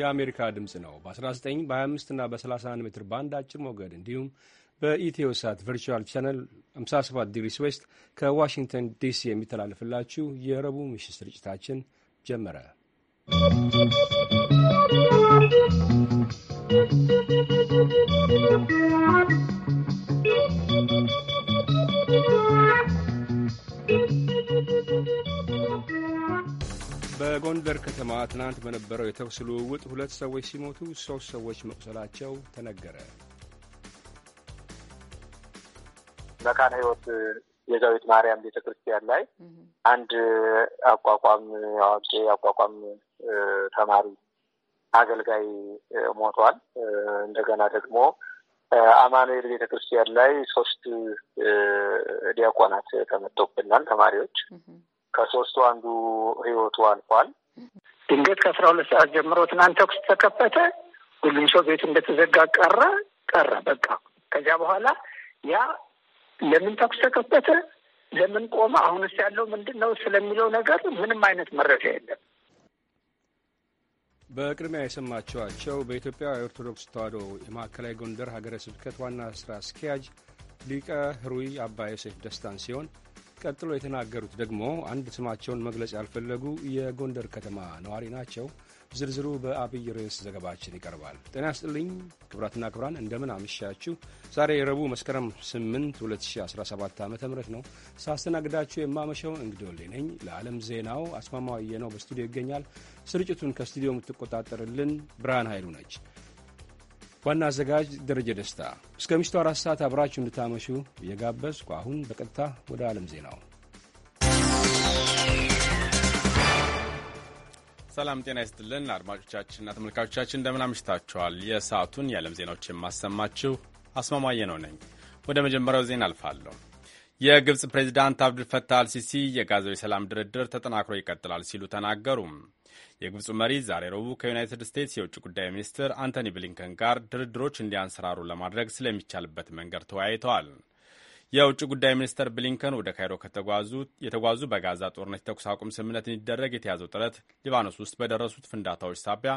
የአሜሪካ ድምፅ ነው። በ19 በ25 እና በ31 ሜትር ባንድ አጭር ሞገድ እንዲሁም በኢትዮ ሳት ቨርቹዋል ቻነል 57 ዲግሪስ ዌስት ከዋሽንግተን ዲሲ የሚተላለፍላችሁ የረቡዕ ምሽት ስርጭታችን ጀመረ። ¶¶ በጎንደር ከተማ ትናንት በነበረው የተኩስ ልውውጥ ሁለት ሰዎች ሲሞቱ ሦስት ሰዎች መቁሰላቸው ተነገረ። መካነ ሕይወት የዛዊት ማርያም ቤተ ክርስቲያን ላይ አንድ አቋቋም አዋቂ አቋቋም ተማሪ አገልጋይ ሞቷል። እንደገና ደግሞ አማኑኤል ቤተ ክርስቲያን ላይ ሶስት ዲያቆናት ተመቶብናል ተማሪዎች ከሶስቱ አንዱ ህይወቱ አልፏል። ድንገት ከአስራ ሁለት ሰዓት ጀምሮ ትናንት ተኩስ ተከፈተ። ሁሉም ሰው ቤቱ እንደተዘጋ ቀረ ቀረ በቃ። ከዚያ በኋላ ያ ለምን ተኩስ ተከፈተ፣ ለምን ቆመ፣ አሁንስ ያለው ምንድን ነው ስለሚለው ነገር ምንም አይነት መረጃ የለም። በቅድሚያ የሰማችኋቸው በኢትዮጵያ ኦርቶዶክስ ተዋሕዶ የማዕከላዊ ጎንደር ሀገረ ስብከት ዋና ስራ አስኪያጅ ሊቀ ሕሩይ አባ ዮሴፍ ደስታን ሲሆን ቀጥሎ የተናገሩት ደግሞ አንድ ስማቸውን መግለጽ ያልፈለጉ የጎንደር ከተማ ነዋሪ ናቸው። ዝርዝሩ በአብይ ርዕስ ዘገባችን ይቀርባል። ጤና ይስጥልኝ ክቡራትና ክቡራን፣ እንደምን አመሻችሁ። ዛሬ የረቡዕ መስከረም 8 2017 ዓ ም ነው። ሳስተናግዳችሁ የማመሸው እንግዶል ነኝ። ለዓለም ዜናው አስማማው ነው በስቱዲዮ ይገኛል። ስርጭቱን ከስቱዲዮ የምትቆጣጠርልን ብርሃን ኃይሉ ነች። ዋና አዘጋጅ ደረጀ ደስታ። እስከ ምሽቱ አራት ሰዓት አብራችሁ እንድታመሹ እየጋበዝኩ አሁን በቀጥታ ወደ ዓለም ዜናው። ሰላም ጤና ይስጥልን አድማጮቻችንና ተመልካቾቻችን እንደምን አምሽታችኋል። የሰዓቱን የዓለም ዜናዎች የማሰማችሁ አስማማየ ነው ነኝ። ወደ መጀመሪያው ዜና አልፋለሁ። የግብፅ ፕሬዚዳንት አብዱልፈታ አልሲሲ የጋዛው የሰላም ድርድር ተጠናክሮ ይቀጥላል ሲሉ ተናገሩ። የግብፁ መሪ ዛሬ ረቡዕ ከዩናይትድ ስቴትስ የውጭ ጉዳይ ሚኒስትር አንቶኒ ብሊንከን ጋር ድርድሮች እንዲያንሰራሩ ለማድረግ ስለሚቻልበት መንገድ ተወያይተዋል። የውጭ ጉዳይ ሚኒስትር ብሊንከን ወደ ካይሮ የተጓዙ በጋዛ ጦርነት የተኩስ አቁም ስምምነት እንዲደረግ የተያዘው ጥረት ሊባኖስ ውስጥ በደረሱት ፍንዳታዎች ሳቢያ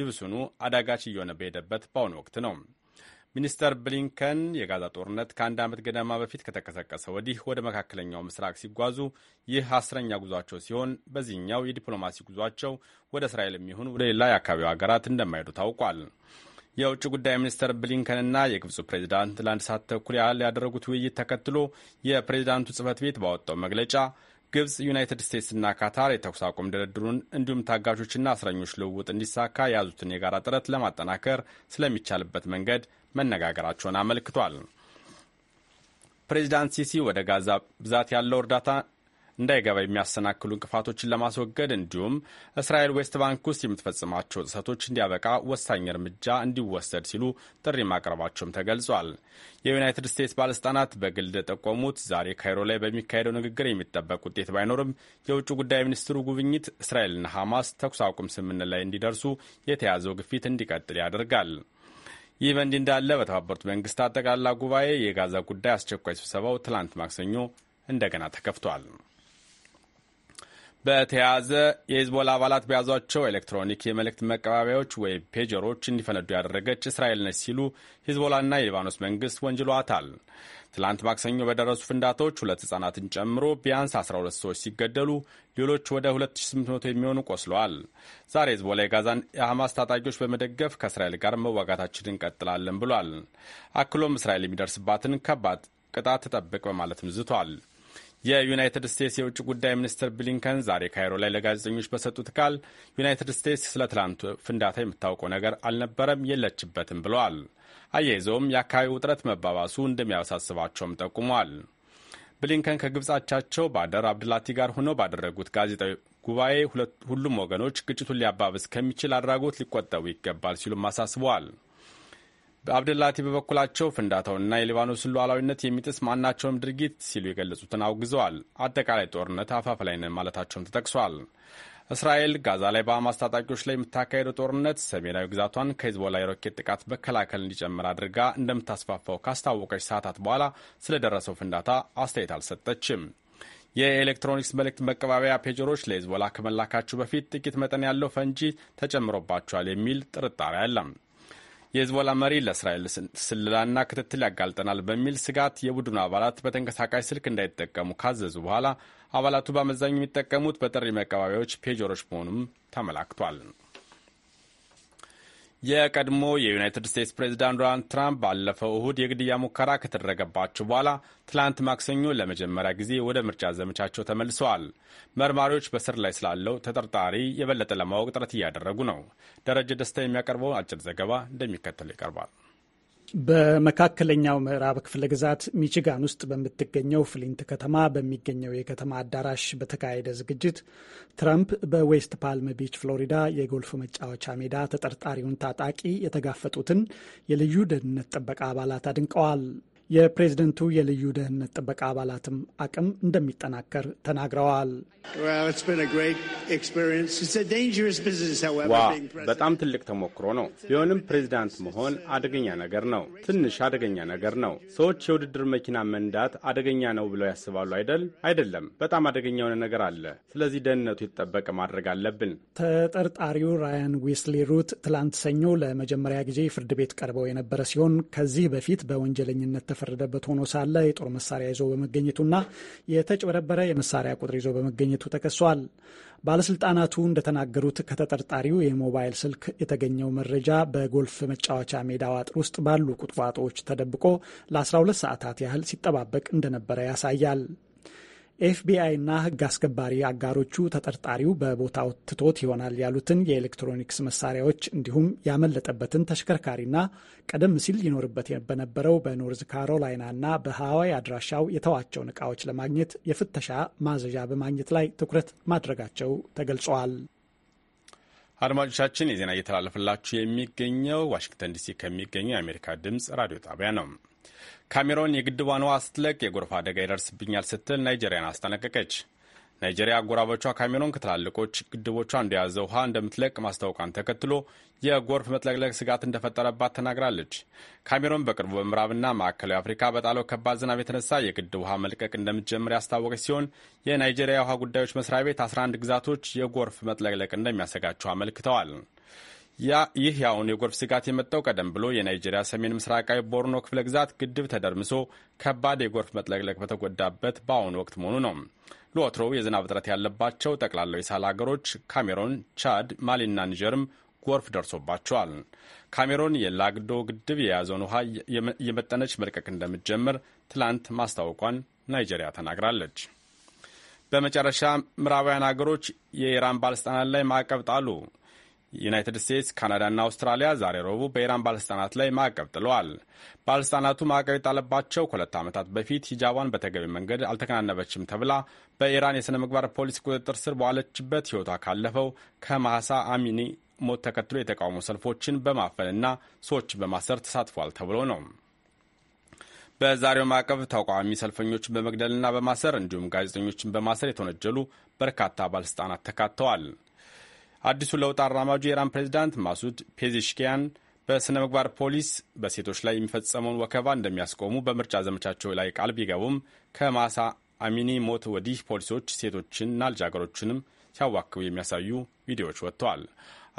ይብሱኑ አዳጋች እየሆነ በሄደበት በአሁኑ ወቅት ነው። ሚኒስተር ብሊንከን የጋዛ ጦርነት ከአንድ ዓመት ገደማ በፊት ከተቀሰቀሰ ወዲህ ወደ መካከለኛው ምስራቅ ሲጓዙ ይህ አስረኛ ጉዟቸው ሲሆን በዚህኛው የዲፕሎማሲ ጉዟቸው ወደ እስራኤል የሚሆን ወደ ሌላ የአካባቢው ሀገራት እንደማይሄዱ ታውቋል። የውጭ ጉዳይ ሚኒስትር ብሊንከንና የግብፁ ፕሬዚዳንት ለአንድ ሰዓት ተኩል ያህል ያደረጉት ውይይት ተከትሎ የፕሬዚዳንቱ ጽህፈት ቤት ባወጣው መግለጫ ግብፅ፣ ዩናይትድ ስቴትስና ካታር የተኩስ አቁም ድርድሩን እንዲሁም ታጋቾችና እስረኞች ልውውጥ እንዲሳካ የያዙትን የጋራ ጥረት ለማጠናከር ስለሚቻልበት መንገድ መነጋገራቸውን አመልክቷል። ፕሬዚዳንት ሲሲ ወደ ጋዛ ብዛት ያለው እርዳታ እንዳይገባ የሚያሰናክሉ እንቅፋቶችን ለማስወገድ እንዲሁም እስራኤል ዌስት ባንክ ውስጥ የምትፈጽማቸው ጥሰቶች እንዲያበቃ ወሳኝ እርምጃ እንዲወሰድ ሲሉ ጥሪ ማቅረባቸውም ተገልጿል። የዩናይትድ ስቴትስ ባለስልጣናት በግል ጠቆሙት ዛሬ ካይሮ ላይ በሚካሄደው ንግግር የሚጠበቅ ውጤት ባይኖርም የውጭ ጉዳይ ሚኒስትሩ ጉብኝት እስራኤልና ሐማስ ተኩስ አቁም ስምምነት ላይ እንዲደርሱ የተያዘው ግፊት እንዲቀጥል ያደርጋል። ይህ በእንዲህ እንዳለ በተባበሩት መንግስታት ጠቅላላ ጉባኤ የጋዛ ጉዳይ አስቸኳይ ስብሰባው ትላንት ማክሰኞ እንደገና ተከፍቷል። በተያያዘ የሂዝቦላ አባላት በያዟቸው ኤሌክትሮኒክ የመልእክት መቀባበያዎች ወይም ፔጀሮች እንዲፈነዱ ያደረገች እስራኤል ነች ሲሉ ሂዝቦላና የሊባኖስ መንግስት ወንጅሏታል። ትላንት ማክሰኞ በደረሱ ፍንዳታዎች ሁለት ህጻናትን ጨምሮ ቢያንስ 12 ሰዎች ሲገደሉ ሌሎች ወደ 2800 የሚሆኑ ቆስለዋል። ዛሬ ሂዝቦላ የጋዛን የሐማስ ታጣቂዎች በመደገፍ ከእስራኤል ጋር መዋጋታችን እንቀጥላለን ብሏል። አክሎም እስራኤል የሚደርስባትን ከባድ ቅጣት ተጠብቅ በማለትም ዝቷል። የዩናይትድ ስቴትስ የውጭ ጉዳይ ሚኒስትር ብሊንከን ዛሬ ካይሮ ላይ ለጋዜጠኞች በሰጡት ቃል ዩናይትድ ስቴትስ ስለ ትላንቱ ፍንዳታ የምታውቀው ነገር አልነበረም፣ የለችበትም ብለዋል። አያይዘውም የአካባቢው ውጥረት መባባሱ እንደሚያሳስባቸውም ጠቁሟል። ብሊንከን ከግብጻቻቸው ባደር አብድላቲ ጋር ሆነው ባደረጉት ጋዜጣዊ ጉባኤ ሁሉም ወገኖች ግጭቱን ሊያባብስ ከሚችል አድራጎት ሊቆጠቡ ይገባል ሲሉም አሳስበዋል። አብደላቲ በበኩላቸው ፍንዳታውንና የሊባኖስን ሉዓላዊነት የሚጥስ ማናቸውም ድርጊት ሲሉ የገለጹትን አውግዘዋል። አጠቃላይ ጦርነት አፋፍ ላይ ነን ማለታቸውም ተጠቅሷል። እስራኤል ጋዛ ላይ በሐማስ ታጣቂዎች ላይ የምታካሄደው ጦርነት ሰሜናዊ ግዛቷን ከሂዝቦላ የሮኬት ጥቃት መከላከል እንዲጨምር አድርጋ እንደምታስፋፋው ካስታወቀች ሰዓታት በኋላ ስለደረሰው ፍንዳታ አስተያየት አልሰጠችም። የኤሌክትሮኒክስ መልእክት መቀባበያ ፔጀሮች ለሂዝቦላ ከመላካችሁ በፊት ጥቂት መጠን ያለው ፈንጂ ተጨምሮባቸዋል የሚል ጥርጣሬ አለም። የሄዝቦላ መሪ ለእስራኤል ስለላና ክትትል ያጋልጠናል በሚል ስጋት የቡድኑ አባላት በተንቀሳቃሽ ስልክ እንዳይጠቀሙ ካዘዙ በኋላ አባላቱ በአመዛኙ የሚጠቀሙት በጥሪ መቀባቢያዎች ፔጀሮች መሆኑም ተመላክቷል። የቀድሞ የዩናይትድ ስቴትስ ፕሬዚዳንት ዶናልድ ትራምፕ ባለፈው እሁድ የግድያ ሙከራ ከተደረገባቸው በኋላ ትላንት ማክሰኞ ለመጀመሪያ ጊዜ ወደ ምርጫ ዘመቻቸው ተመልሰዋል። መርማሪዎች በስር ላይ ስላለው ተጠርጣሪ የበለጠ ለማወቅ ጥረት እያደረጉ ነው። ደረጀ ደስታ የሚያቀርበውን አጭር ዘገባ እንደሚከተለው ይቀርባል። በመካከለኛው ምዕራብ ክፍለ ግዛት ሚችጋን ውስጥ በምትገኘው ፍሊንት ከተማ በሚገኘው የከተማ አዳራሽ በተካሄደ ዝግጅት ትራምፕ በዌስት ፓልም ቢች ፍሎሪዳ የጎልፍ መጫወቻ ሜዳ ተጠርጣሪውን ታጣቂ የተጋፈጡትን የልዩ ደህንነት ጥበቃ አባላት አድንቀዋል። የፕሬዝደንቱ የልዩ ደህንነት ጥበቃ አባላትም አቅም እንደሚጠናከር ተናግረዋል። ዋ በጣም ትልቅ ተሞክሮ ነው። ቢሆንም ፕሬዝዳንት መሆን አደገኛ ነገር ነው። ትንሽ አደገኛ ነገር ነው። ሰዎች የውድድር መኪና መንዳት አደገኛ ነው ብለው ያስባሉ አይደል? አይደለም። በጣም አደገኛ የሆነ ነገር አለ። ስለዚህ ደህንነቱ የተጠበቀ ማድረግ አለብን። ተጠርጣሪው ራያን ዌስሊ ሩት ትላንት ሰኞ ለመጀመሪያ ጊዜ ፍርድ ቤት ቀርበው የነበረ ሲሆን ከዚህ በፊት በወንጀለኝነት የተፈረደበት ሆኖ ሳለ የጦር መሳሪያ ይዞ በመገኘቱና የተጭበረበረ የመሳሪያ ቁጥር ይዞ በመገኘቱ ተከሷል። ባለስልጣናቱ እንደተናገሩት ከተጠርጣሪው የሞባይል ስልክ የተገኘው መረጃ በጎልፍ መጫወቻ ሜዳው አጥር ውስጥ ባሉ ቁጥቋጦዎች ተደብቆ ለ12 ሰዓታት ያህል ሲጠባበቅ እንደነበረ ያሳያል። ኤፍቢአይና ሕግ አስከባሪ አጋሮቹ ተጠርጣሪው በቦታው ትቶት ይሆናል ያሉትን የኤሌክትሮኒክስ መሳሪያዎች እንዲሁም ያመለጠበትን ተሽከርካሪና ቀደም ሲል ይኖርበት በነበረው በኖርዝ ካሮላይናና በሃዋይ አድራሻው የተዋቸውን እቃዎች ለማግኘት የፍተሻ ማዘዣ በማግኘት ላይ ትኩረት ማድረጋቸው ተገልጿል። አድማጮቻችን፣ የዜና እየተላለፈላችሁ የሚገኘው ዋሽንግተን ዲሲ ከሚገኘው የአሜሪካ ድምፅ ራዲዮ ጣቢያ ነው። ካሜሮን የግድቧን ውሃ ስትለቅ የጎርፍ አደጋ ይደርስብኛል ስትል ናይጄሪያን አስጠነቀቀች። ናይጄሪያ አጎራባቿ ካሜሮን ከትላልቆች ግድቦቿ እንደያዘ ውሃ እንደምትለቅ ማስታወቋን ተከትሎ የጎርፍ መጥለቅለቅ ስጋት እንደፈጠረባት ተናግራለች። ካሜሮን በቅርቡ በምዕራብና ማዕከላዊ አፍሪካ በጣለው ከባድ ዝናብ የተነሳ የግድብ ውሃ መልቀቅ እንደምትጀምር ያስታወቀች ሲሆን የናይጄሪያ ውሃ ጉዳዮች መስሪያ ቤት 11 ግዛቶች የጎርፍ መጥለቅለቅ እንደሚያሰጋቸው አመልክተዋል። ይህ የአሁኑ የጎርፍ ስጋት የመጣው ቀደም ብሎ የናይጄሪያ ሰሜን ምስራቃዊ ቦርኖ ክፍለ ግዛት ግድብ ተደርምሶ ከባድ የጎርፍ መጥለቅለቅ በተጎዳበት በአሁኑ ወቅት መሆኑ ነው። ለወትሮው የዝናብ እጥረት ያለባቸው ጠቅላላው የሳህል ሀገሮች ካሜሮን፣ ቻድ፣ ማሊና ኒጀርም ጎርፍ ደርሶባቸዋል። ካሜሮን የላግዶ ግድብ የያዘውን ውሃ የመጠነች መልቀቅ እንደምትጀምር ትላንት ማስታወቋን ናይጄሪያ ተናግራለች። በመጨረሻ ምዕራባውያን አገሮች የኢራን ባለስልጣናት ላይ ማዕቀብ ጣሉ። ዩናይትድ ስቴትስ፣ ካናዳና አውስትራሊያ ዛሬ ረቡዕ በኢራን ባለሥልጣናት ላይ ማዕቀብ ጥለዋል። ባለሥልጣናቱ ማዕቀብ የጣለባቸው ከሁለት ዓመታት በፊት ሂጃቧን በተገቢ መንገድ አልተከናነበችም ተብላ በኢራን የሥነ ምግባር ፖሊስ ቁጥጥር ስር በዋለችበት ሕይወቷ ካለፈው ከማሳ አሚኒ ሞት ተከትሎ የተቃውሞ ሰልፎችን በማፈንና ሰዎችን በማሰር ተሳትፏል ተብሎ ነው። በዛሬው ማዕቀብ ተቃዋሚ ሰልፈኞችን በመግደልና በማሰር እንዲሁም ጋዜጠኞችን በማሰር የተወነጀሉ በርካታ ባለሥልጣናት ተካተዋል። አዲሱ ለውጥ አራማጁ የኢራን ፕሬዚዳንት ማሱድ ፔዚሽኪያን በሥነ ምግባር ፖሊስ በሴቶች ላይ የሚፈጸመውን ወከባ እንደሚያስቆሙ በምርጫ ዘመቻቸው ላይ ቃል ቢገቡም ከማሳ አሚኒ ሞት ወዲህ ፖሊሶች ሴቶችንና ልጃገሮችንም ሲያዋክቡ የሚያሳዩ ቪዲዮዎች ወጥተዋል።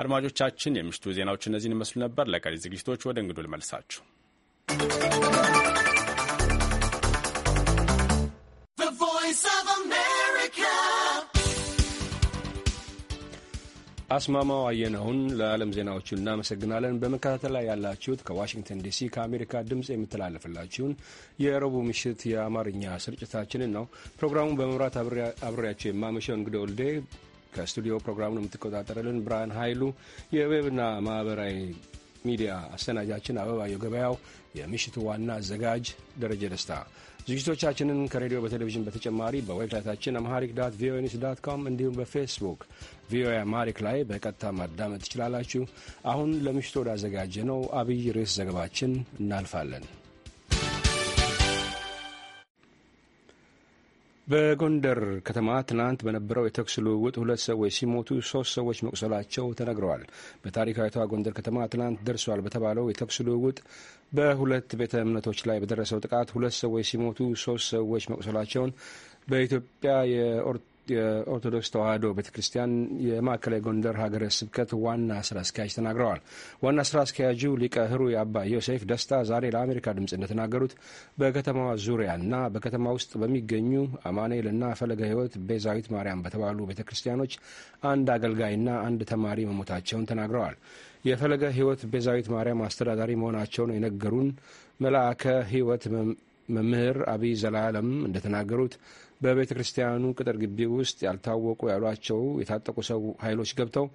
አድማጮቻችን፣ የምሽቱ ዜናዎች እነዚህን ይመስሉ ነበር። ለቀሪ ዝግጅቶች ወደ እንግዱ ልመልሳችሁ። አስማማው አየነውን ለዓለም ዜናዎቹ እናመሰግናለን። በመከታተል ላይ ያላችሁት ከዋሽንግተን ዲሲ ከአሜሪካ ድምፅ የምተላለፍላችሁን የረቡዕ ምሽት የአማርኛ ስርጭታችንን ነው። ፕሮግራሙን በመምራት አብሬያቸው የማመሸው እንግዲ ወልዴ፣ ከስቱዲዮ ፕሮግራሙን የምትቆጣጠርልን ብርሃን ኃይሉ፣ የዌብና ማህበራዊ ሚዲያ አሰናጃችን አበባየው ገበያው፣ የምሽቱ ዋና አዘጋጅ ደረጀ ደስታ ዝግጅቶቻችንን ከሬዲዮ በቴሌቪዥን በተጨማሪ በዌብሳይታችን አምሃሪክ ዳት ቪኦኤ ኒውስ ዳት ኮም እንዲሁም በፌስቡክ ቪኦኤ አማሪክ ላይ በቀጥታ ማዳመጥ ትችላላችሁ። አሁን ለምሽቶ ወዳዘጋጀ ነው አብይ ርዕስ ዘገባችን እናልፋለን። በጎንደር ከተማ ትናንት በነበረው የተኩስ ልውውጥ ሁለት ሰዎች ሲሞቱ ሶስት ሰዎች መቁሰላቸው ተነግረዋል። በታሪካዊቷ ጎንደር ከተማ ትናንት ደርሷል በተባለው የተኩስ ልውውጥ በሁለት ቤተ እምነቶች ላይ በደረሰው ጥቃት ሁለት ሰዎች ሲሞቱ ሶስት ሰዎች መቁሰላቸውን በኢትዮጵያ የኦርቶዶክስ ተዋሕዶ ቤተ ክርስቲያን የማዕከላዊ ጎንደር ሀገረ ስብከት ዋና ስራ አስኪያጅ ተናግረዋል። ዋና ስራ አስኪያጁ ሊቀ ህሩ የአባ ዮሴፍ ደስታ ዛሬ ለአሜሪካ ድምፅ እንደተናገሩት በከተማዋ ዙሪያና በከተማ ውስጥ በሚገኙ አማኑኤልና ፈለገ ሕይወት ቤዛዊት ማርያም በተባሉ ቤተ ክርስቲያኖች አንድ አገልጋይና አንድ ተማሪ መሞታቸውን ተናግረዋል። የፈለገ ህይወት ቤዛዊት ማርያም አስተዳዳሪ መሆናቸውን የነገሩን መልአከ ህይወት መምህር አብይ ዘላለም እንደተናገሩት በቤተ ክርስቲያኑ ቅጥር ግቢ ውስጥ ያልታወቁ ያሏቸው የታጠቁ ሰው ኃይሎች ገብተው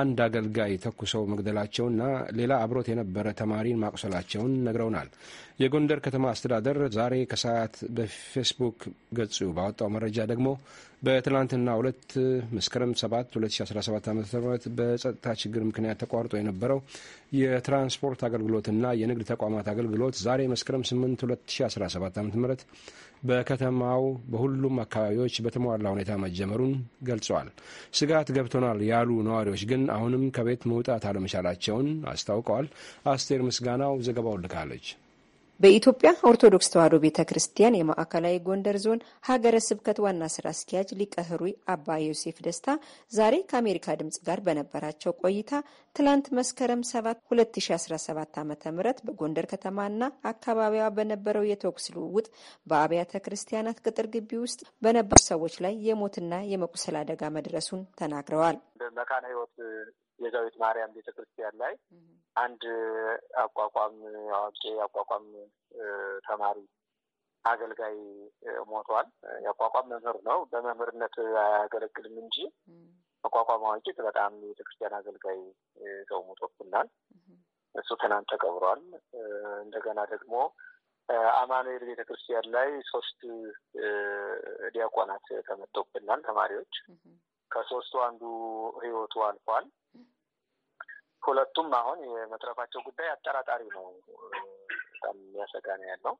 አንድ አገልጋይ ተኩሰው መግደላቸውና ሌላ አብሮት የነበረ ተማሪን ማቁሰላቸውን ነግረውናል። የጎንደር ከተማ አስተዳደር ዛሬ ከሰዓት በፌስቡክ ገጹ ባወጣው መረጃ ደግሞ በትላንትናው ሁለት መስከረም 7 2017 ዓ ም በጸጥታ ችግር ምክንያት ተቋርጦ የነበረው የትራንስፖርት አገልግሎትና የንግድ ተቋማት አገልግሎት ዛሬ መስከረም 8 2017 ዓ ም በከተማው በሁሉም አካባቢዎች በተሟላ ሁኔታ መጀመሩን ገልጸዋል። ስጋት ገብቶናል ያሉ ነዋሪዎች ግን ግን አሁንም ከቤት መውጣት አለመቻላቸውን አስታውቀዋል። አስቴር ምስጋናው ዘገባው ልካለች። በኢትዮጵያ ኦርቶዶክስ ተዋሕዶ ቤተ ክርስቲያን የማዕከላዊ ጎንደር ዞን ሀገረ ስብከት ዋና ስራ አስኪያጅ ሊቀ አባ ዮሴፍ ደስታ ዛሬ ከአሜሪካ ድምጽ ጋር በነበራቸው ቆይታ ትላንት መስከረም 7 2017 ዓ ም በጎንደር ከተማና አካባቢዋ በነበረው የተኩስ ልውውጥ በአብያተ ክርስቲያናት ቅጥር ግቢ ውስጥ በነበሩ ሰዎች ላይ የሞትና የመቁሰል አደጋ መድረሱን ተናግረዋል። መካነ ሕይወት የዛዊት ማርያም ቤተክርስቲያን ላይ አንድ አቋቋም አዋቂ አቋቋም ተማሪ አገልጋይ ሞቷል። የአቋቋም መምህር ነው። በመምህርነት አያገለግልም እንጂ አቋቋም አዋቂ በጣም ቤተክርስቲያን አገልጋይ ሰው ሞቶብናል። እሱ ትናንት ተቀብሯል። እንደገና ደግሞ አማኑኤል ቤተክርስቲያን ላይ ሶስት ዲያቆናት ተመቶብናል ተማሪዎች ከሶስቱ አንዱ ህይወቱ አልፏል። ሁለቱም አሁን የመትረፋቸው ጉዳይ አጠራጣሪ ነው። በጣም የሚያሰጋ ነው ያለው።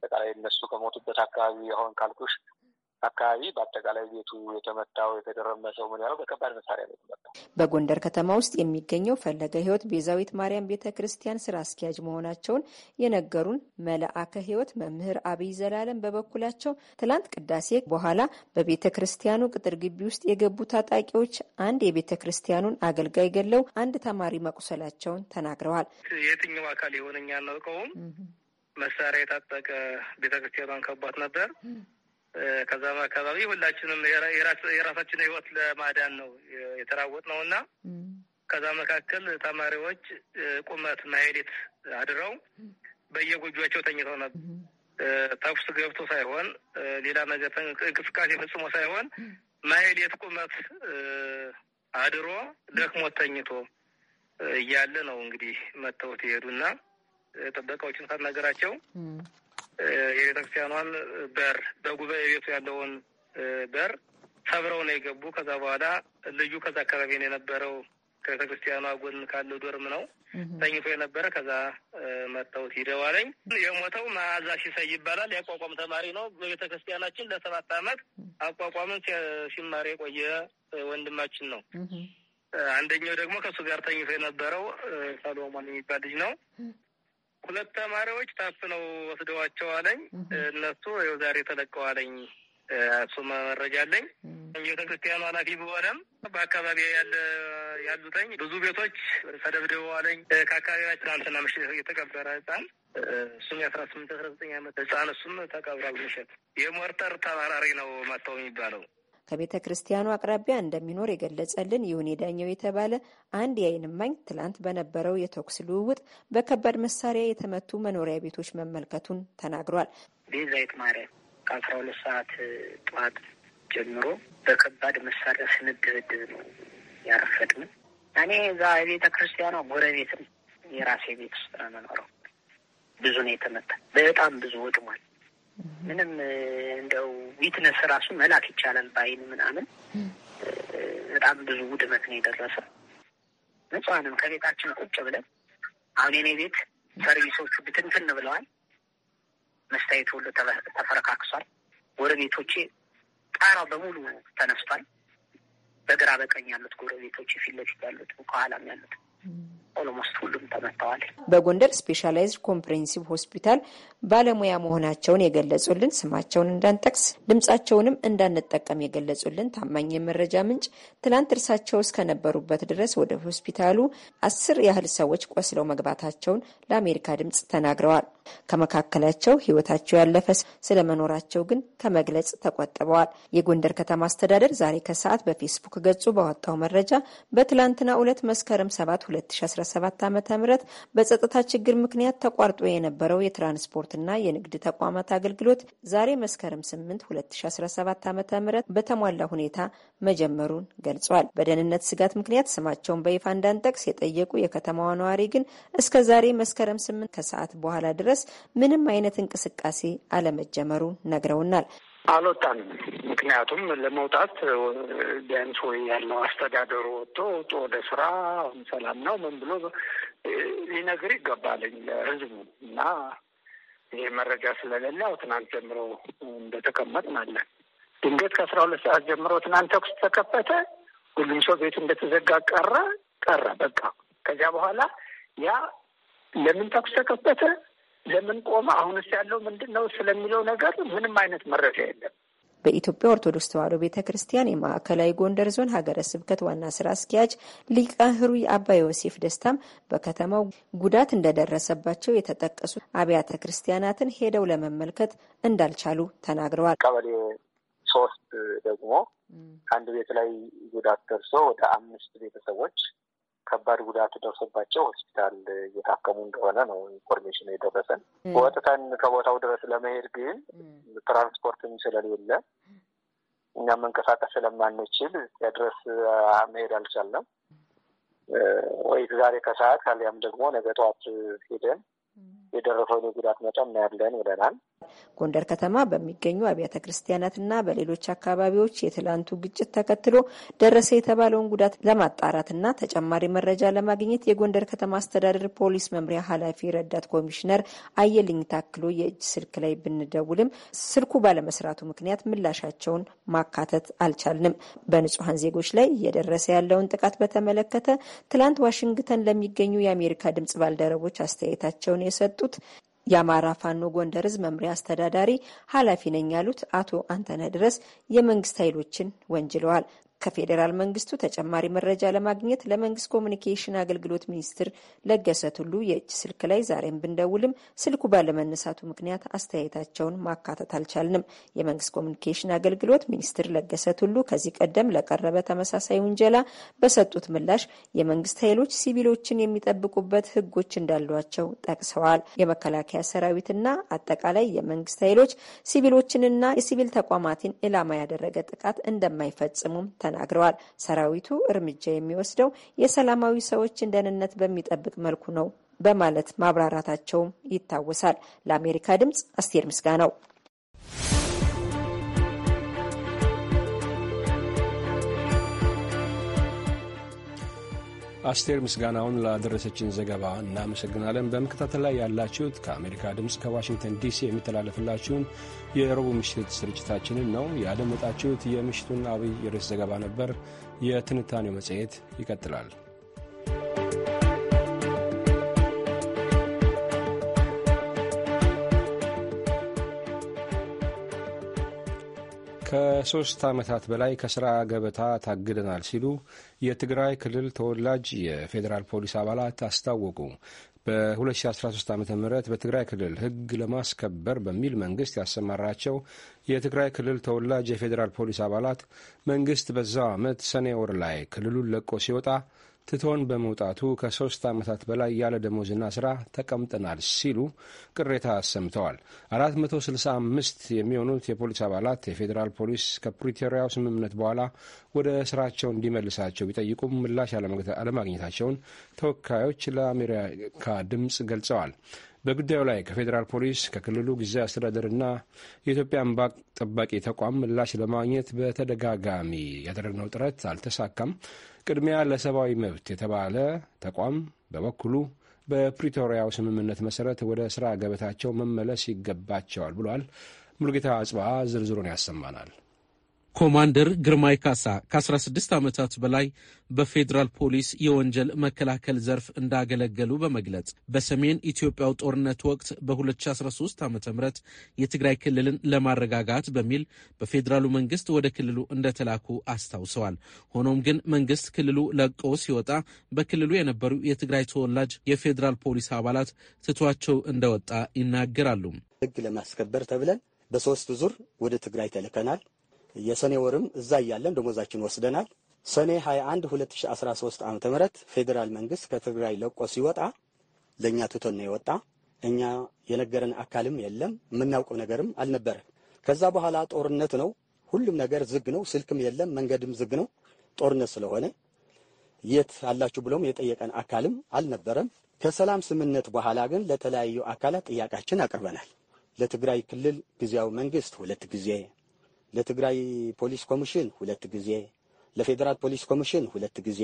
በጠቅላይ እነሱ ከሞቱበት አካባቢ አሁን ካልኩሽ አካባቢ በአጠቃላይ ቤቱ የተመታው የተደረመሰው ምን ያለው በከባድ መሳሪያ ነው የተመታው። በጎንደር ከተማ ውስጥ የሚገኘው ፈለገ ህይወት ቤዛዊት ማርያም ቤተ ክርስቲያን ስራ አስኪያጅ መሆናቸውን የነገሩን መልአከ ህይወት መምህር አብይ ዘላለም በበኩላቸው ትላንት ቅዳሴ በኋላ በቤተ ክርስቲያኑ ቅጥር ግቢ ውስጥ የገቡ ታጣቂዎች አንድ የቤተ ክርስቲያኑን አገልጋይ ገለው አንድ ተማሪ መቁሰላቸውን ተናግረዋል። የትኛው አካል የሆነኛ አናውቀውም። መሳሪያ የታጠቀ ቤተክርስቲያኗን ከባት ነበር። ከዛ አካባቢ ሁላችንም የራሳችን ህይወት ለማዳን ነው የተራወጥ ነው እና ከዛ መካከል ተማሪዎች ቁመት ማሄዴት አድረው በየጎጆቸው ተኝተው ነበር። ተኩስ ገብቶ ሳይሆን ሌላ ነገር እንቅስቃሴ ፈጽሞ ሳይሆን ማሄዴት ቁመት አድሮ ደክሞ ተኝቶ እያለ ነው እንግዲህ መተውት ይሄዱና ጥበቃዎችን ሳናገራቸው የቤተክርስቲያኗን በር በጉባኤ ቤቱ ያለውን በር ሰብረው ነው የገቡ። ከዛ በኋላ ልዩ ከዛ አካባቢ ነው የነበረው ከቤተ ክርስቲያኗ ጎን ካለው ዶርም ነው ተኝቶ የነበረ። ከዛ መታወት ሂደዋለኝ። የሞተው መዓዛ ሲሳይ ይባላል። የአቋቋም ተማሪ ነው። በቤተ ክርስቲያናችን ለሰባት አመት አቋቋምን ሲማር የቆየ ወንድማችን ነው። አንደኛው ደግሞ ከእሱ ጋር ተኝቶ የነበረው ሰሎሞን የሚባል ልጅ ነው። ሁለት ተማሪዎች ታፍነው አለኝ። እነሱ ይኸው ዛሬ ተለቀው አለኝ። እሱ መረጃ አለኝ። ቤተ ክርስቲያኑ ኃላፊ በሆነም በአካባቢ ያለ ያሉተኝ ብዙ ቤቶች አለኝ። ከአካባቢያችን ትናንትና ምሽት የተቀበረ ህጻን እሱም የአስራ ስምንት አስራ ዘጠኝ ዓመት ህጻን እሱም ተቀብሯል። ምሽት የሞርተር ተባራሪ ነው መጥተው የሚባለው ከቤተ ክርስቲያኑ አቅራቢያ እንደሚኖር የገለጸልን ይሁኔ ዳኘው የተባለ አንድ የአይን እማኝ ትላንት በነበረው የተኩስ ልውውጥ በከባድ መሳሪያ የተመቱ መኖሪያ ቤቶች መመልከቱን ተናግሯል። ቤዛይት ማርያም ከአስራ ሁለት ሰዓት ጠዋት ጀምሮ በከባድ መሳሪያ ስንድብድብ ነው ያረፈድን። እኔ እዛ የቤተ ክርስቲያኗ ጎረቤትም የራሴ ቤት ውስጥ ነው መኖረው። ብዙ ነው የተመታ፣ በጣም ብዙ ወድሟል። ምንም እንደው ዊትነስ ራሱ መላክ ይቻላል በአይን ምናምን በጣም ብዙ ውድመት ነው የደረሰ። ንጹሐንም ከቤታችን ቁጭ ብለን አሁን የኔ ቤት ሰርቪሶቹ ብትንትን ብለዋል። መስታየት ሁሉ ተፈረካክሷል። ጎረቤቶቼ ጣራው በሙሉ ተነስቷል። በግራ በቀኝ ያሉት ጎረቤቶቼ፣ ፊት ለፊት ያሉት፣ ከኋላም ያሉት ኦሎሞስት ሁሉ ተመተዋል። በጎንደር ስፔሻላይዝድ ኮምፕሬሄንሲቭ ሆስፒታል ባለሙያ መሆናቸውን የገለጹልን ስማቸውን እንዳንጠቅስ ድምጻቸውንም እንዳንጠቀም የገለጹልን ታማኝ የመረጃ ምንጭ ትናንት እርሳቸው እስከነበሩበት ድረስ ወደ ሆስፒታሉ አስር ያህል ሰዎች ቆስለው መግባታቸውን ለአሜሪካ ድምጽ ተናግረዋል። ከመካከላቸው ህይወታቸው ያለፈ ስለመኖራቸው ግን ከመግለጽ ተቆጥበዋል። የጎንደር ከተማ አስተዳደር ዛሬ ከሰዓት በፌስቡክ ገጹ ባወጣው መረጃ በትላንትና ዕለት መስከረም 7 2017 ዓ.ም በጸጥታ ችግር ምክንያት ተቋርጦ የነበረው የትራንስፖርትና የንግድ ተቋማት አገልግሎት ዛሬ መስከረም 8 2017 ዓ ም በተሟላ ሁኔታ መጀመሩን ገልጿል። በደህንነት ስጋት ምክንያት ስማቸውን በይፋ እንዳንጠቅስ የጠየቁ የከተማዋ ነዋሪ ግን እስከ ዛሬ መስከረም 8 ከሰዓት በኋላ ድረስ ምንም አይነት እንቅስቃሴ አለመጀመሩ ነግረውናል። አልወጣንም። ምክንያቱም ለመውጣት ቢያንስ ወይ ያለው አስተዳደሩ ወጥቶ ውጡ ወደ ስራ አሁን ሰላም ነው ምን ብሎ ሊነግር ይገባልኝ ለህዝቡ እና ይህ መረጃ ስለሌለ ያው ትናንት ጀምሮ እንደተቀመጥን አለን። ድንገት ከአስራ ሁለት ሰዓት ጀምሮ ትናንት ተኩስ ተከፈተ። ሁሉም ሰው ቤቱ እንደተዘጋ ቀረ ቀረ በቃ። ከዚያ በኋላ ያ ለምን ተኩስ ተከፈተ ለምን ቆመ፣ አሁንስ ያለው ምንድን ነው ስለሚለው ነገር ምንም አይነት መረጃ የለም። በኢትዮጵያ ኦርቶዶክስ ተዋሕዶ ቤተ ክርስቲያን የማዕከላዊ ጎንደር ዞን ሀገረ ስብከት ዋና ስራ አስኪያጅ ሊቀ ሕሩይ አባ ዮሴፍ ደስታም በከተማው ጉዳት እንደደረሰባቸው የተጠቀሱ አብያተ ክርስቲያናትን ሄደው ለመመልከት እንዳልቻሉ ተናግረዋል። ቀበሌ ሶስት ደግሞ አንድ ቤት ላይ ጉዳት ደርሶ ወደ አምስት ቤተሰቦች ከባድ ጉዳት ደርሶባቸው ሆስፒታል እየታከሙ እንደሆነ ነው ኢንፎርሜሽን የደረሰን። ወጥተን ከቦታው ድረስ ለመሄድ ግን ትራንስፖርትም ስለሌለ እኛ መንቀሳቀስ ስለማንችል ድረስ መሄድ አልቻለም። ወይ ዛሬ ከሰዓት አሊያም ደግሞ ነገ ጠዋት ሄደን የደረሰውን የጉዳት መጠን እናያለን ብለናል። ጎንደር ከተማ በሚገኙ አብያተ ክርስቲያናትና በሌሎች አካባቢዎች የትላንቱ ግጭት ተከትሎ ደረሰ የተባለውን ጉዳት ለማጣራትና ተጨማሪ መረጃ ለማግኘት የጎንደር ከተማ አስተዳደር ፖሊስ መምሪያ ኃላፊ ረዳት ኮሚሽነር አየልኝ ታክሎ የእጅ ስልክ ላይ ብንደውልም ስልኩ ባለመስራቱ ምክንያት ምላሻቸውን ማካተት አልቻልንም። በንጹሐን ዜጎች ላይ እየደረሰ ያለውን ጥቃት በተመለከተ ትላንት ዋሽንግተን ለሚገኙ የአሜሪካ ድምጽ ባልደረቦች አስተያየታቸውን የሰጡት የአማራ ፋኖ ጎንደር መምሪያ አስተዳዳሪ ኃላፊ ነኝ ያሉት አቶ አንተነህ ድረስ የመንግስት ኃይሎችን ወንጅለዋል። ከፌዴራል መንግስቱ ተጨማሪ መረጃ ለማግኘት ለመንግስት ኮሚኒኬሽን አገልግሎት ሚኒስትር ለገሰ ቱሉ የእጅ ስልክ ላይ ዛሬም ብንደውልም ስልኩ ባለመነሳቱ ምክንያት አስተያየታቸውን ማካተት አልቻልንም። የመንግስት ኮሚኒኬሽን አገልግሎት ሚኒስትር ለገሰ ቱሉ ከዚህ ቀደም ለቀረበ ተመሳሳይ ውንጀላ በሰጡት ምላሽ የመንግስት ኃይሎች ሲቪሎችን የሚጠብቁበት ህጎች እንዳሏቸው ጠቅሰዋል። የመከላከያ ሰራዊትና አጠቃላይ የመንግስት ኃይሎች ሲቪሎችንና የሲቪል ተቋማትን ኢላማ ያደረገ ጥቃት እንደማይፈጽሙም ተ ተናግረዋል። ሰራዊቱ እርምጃ የሚወስደው የሰላማዊ ሰዎችን ደህንነት በሚጠብቅ መልኩ ነው በማለት ማብራራታቸውም ይታወሳል። ለአሜሪካ ድምጽ አስቴር ነው። አስቴር ምስጋናውን ላደረሰችን ዘገባ እናመሰግናለን። በመከታተል ላይ ያላችሁት ከአሜሪካ ድምፅ ከዋሽንግተን ዲሲ የሚተላለፍላችሁን የረቡዕ ምሽት ስርጭታችንን ነው ያደመጣችሁት። የምሽቱን አብይ ርዕስ ዘገባ ነበር። የትንታኔው መጽሔት ይቀጥላል። ከሶስት ዓመታት በላይ ከስራ ገበታ ታግደናል ሲሉ የትግራይ ክልል ተወላጅ የፌዴራል ፖሊስ አባላት አስታወቁ። በ2013 ዓ ም በትግራይ ክልል ሕግ ለማስከበር በሚል መንግስት ያሰማራቸው የትግራይ ክልል ተወላጅ የፌዴራል ፖሊስ አባላት መንግስት በዛው ዓመት ሰኔ ወር ላይ ክልሉን ለቆ ሲወጣ ትቶን በመውጣቱ ከሶስት ዓመታት በላይ ያለ ደሞዝና ሥራ ተቀምጠናል ሲሉ ቅሬታ አሰምተዋል። 465 የሚሆኑት የፖሊስ አባላት የፌዴራል ፖሊስ ከፕሪቶሪያው ስምምነት በኋላ ወደ ስራቸው እንዲመልሳቸው ቢጠይቁም ምላሽ አለማግኘታቸውን ተወካዮች ለአሜሪካ ድምፅ ገልጸዋል። በጉዳዩ ላይ ከፌዴራል ፖሊስ ከክልሉ ጊዜያዊ አስተዳደርና የኢትዮጵያ እንባ ጠባቂ ተቋም ምላሽ ለማግኘት በተደጋጋሚ ያደረግነው ጥረት አልተሳካም። ቅድሚያ ለሰብአዊ መብት የተባለ ተቋም በበኩሉ በፕሪቶሪያው ስምምነት መሰረት ወደ ስራ ገበታቸው መመለስ ይገባቸዋል ብሏል። ሙልጌታ አጽብሃ ዝርዝሩን ያሰማናል። ኮማንደር ግርማይ ካሳ ከ16 ዓመታት በላይ በፌዴራል ፖሊስ የወንጀል መከላከል ዘርፍ እንዳገለገሉ በመግለጽ በሰሜን ኢትዮጵያው ጦርነት ወቅት በ2013 ዓ ም የትግራይ ክልልን ለማረጋጋት በሚል በፌዴራሉ መንግስት ወደ ክልሉ እንደተላኩ አስታውሰዋል። ሆኖም ግን መንግስት ክልሉ ለቆ ሲወጣ በክልሉ የነበሩ የትግራይ ተወላጅ የፌዴራል ፖሊስ አባላት ትቷቸው እንደወጣ ይናገራሉ። ህግ ለማስከበር ተብለን በሶስት ዙር ወደ ትግራይ ተልከናል። የሰኔ ወርም እዛ እያለን ደሞዛችን ወስደናል። ሰኔ 21 2013 ዓ.ም ፌዴራል መንግስት ከትግራይ ለቆ ሲወጣ ለእኛ ትቶን ነው የወጣ። እኛ የነገረን አካልም የለም የምናውቀው ነገርም አልነበረ። ከዛ በኋላ ጦርነት ነው፣ ሁሉም ነገር ዝግ ነው፣ ስልክም የለም፣ መንገድም ዝግ ነው። ጦርነት ስለሆነ የት አላችሁ ብሎም የጠየቀን አካልም አልነበረም። ከሰላም ስምምነት በኋላ ግን ለተለያዩ አካላት ጥያቄያችን አቅርበናል። ለትግራይ ክልል ጊዜያዊ መንግስት ሁለት ጊዜ ለትግራይ ፖሊስ ኮሚሽን ሁለት ጊዜ፣ ለፌዴራል ፖሊስ ኮሚሽን ሁለት ጊዜ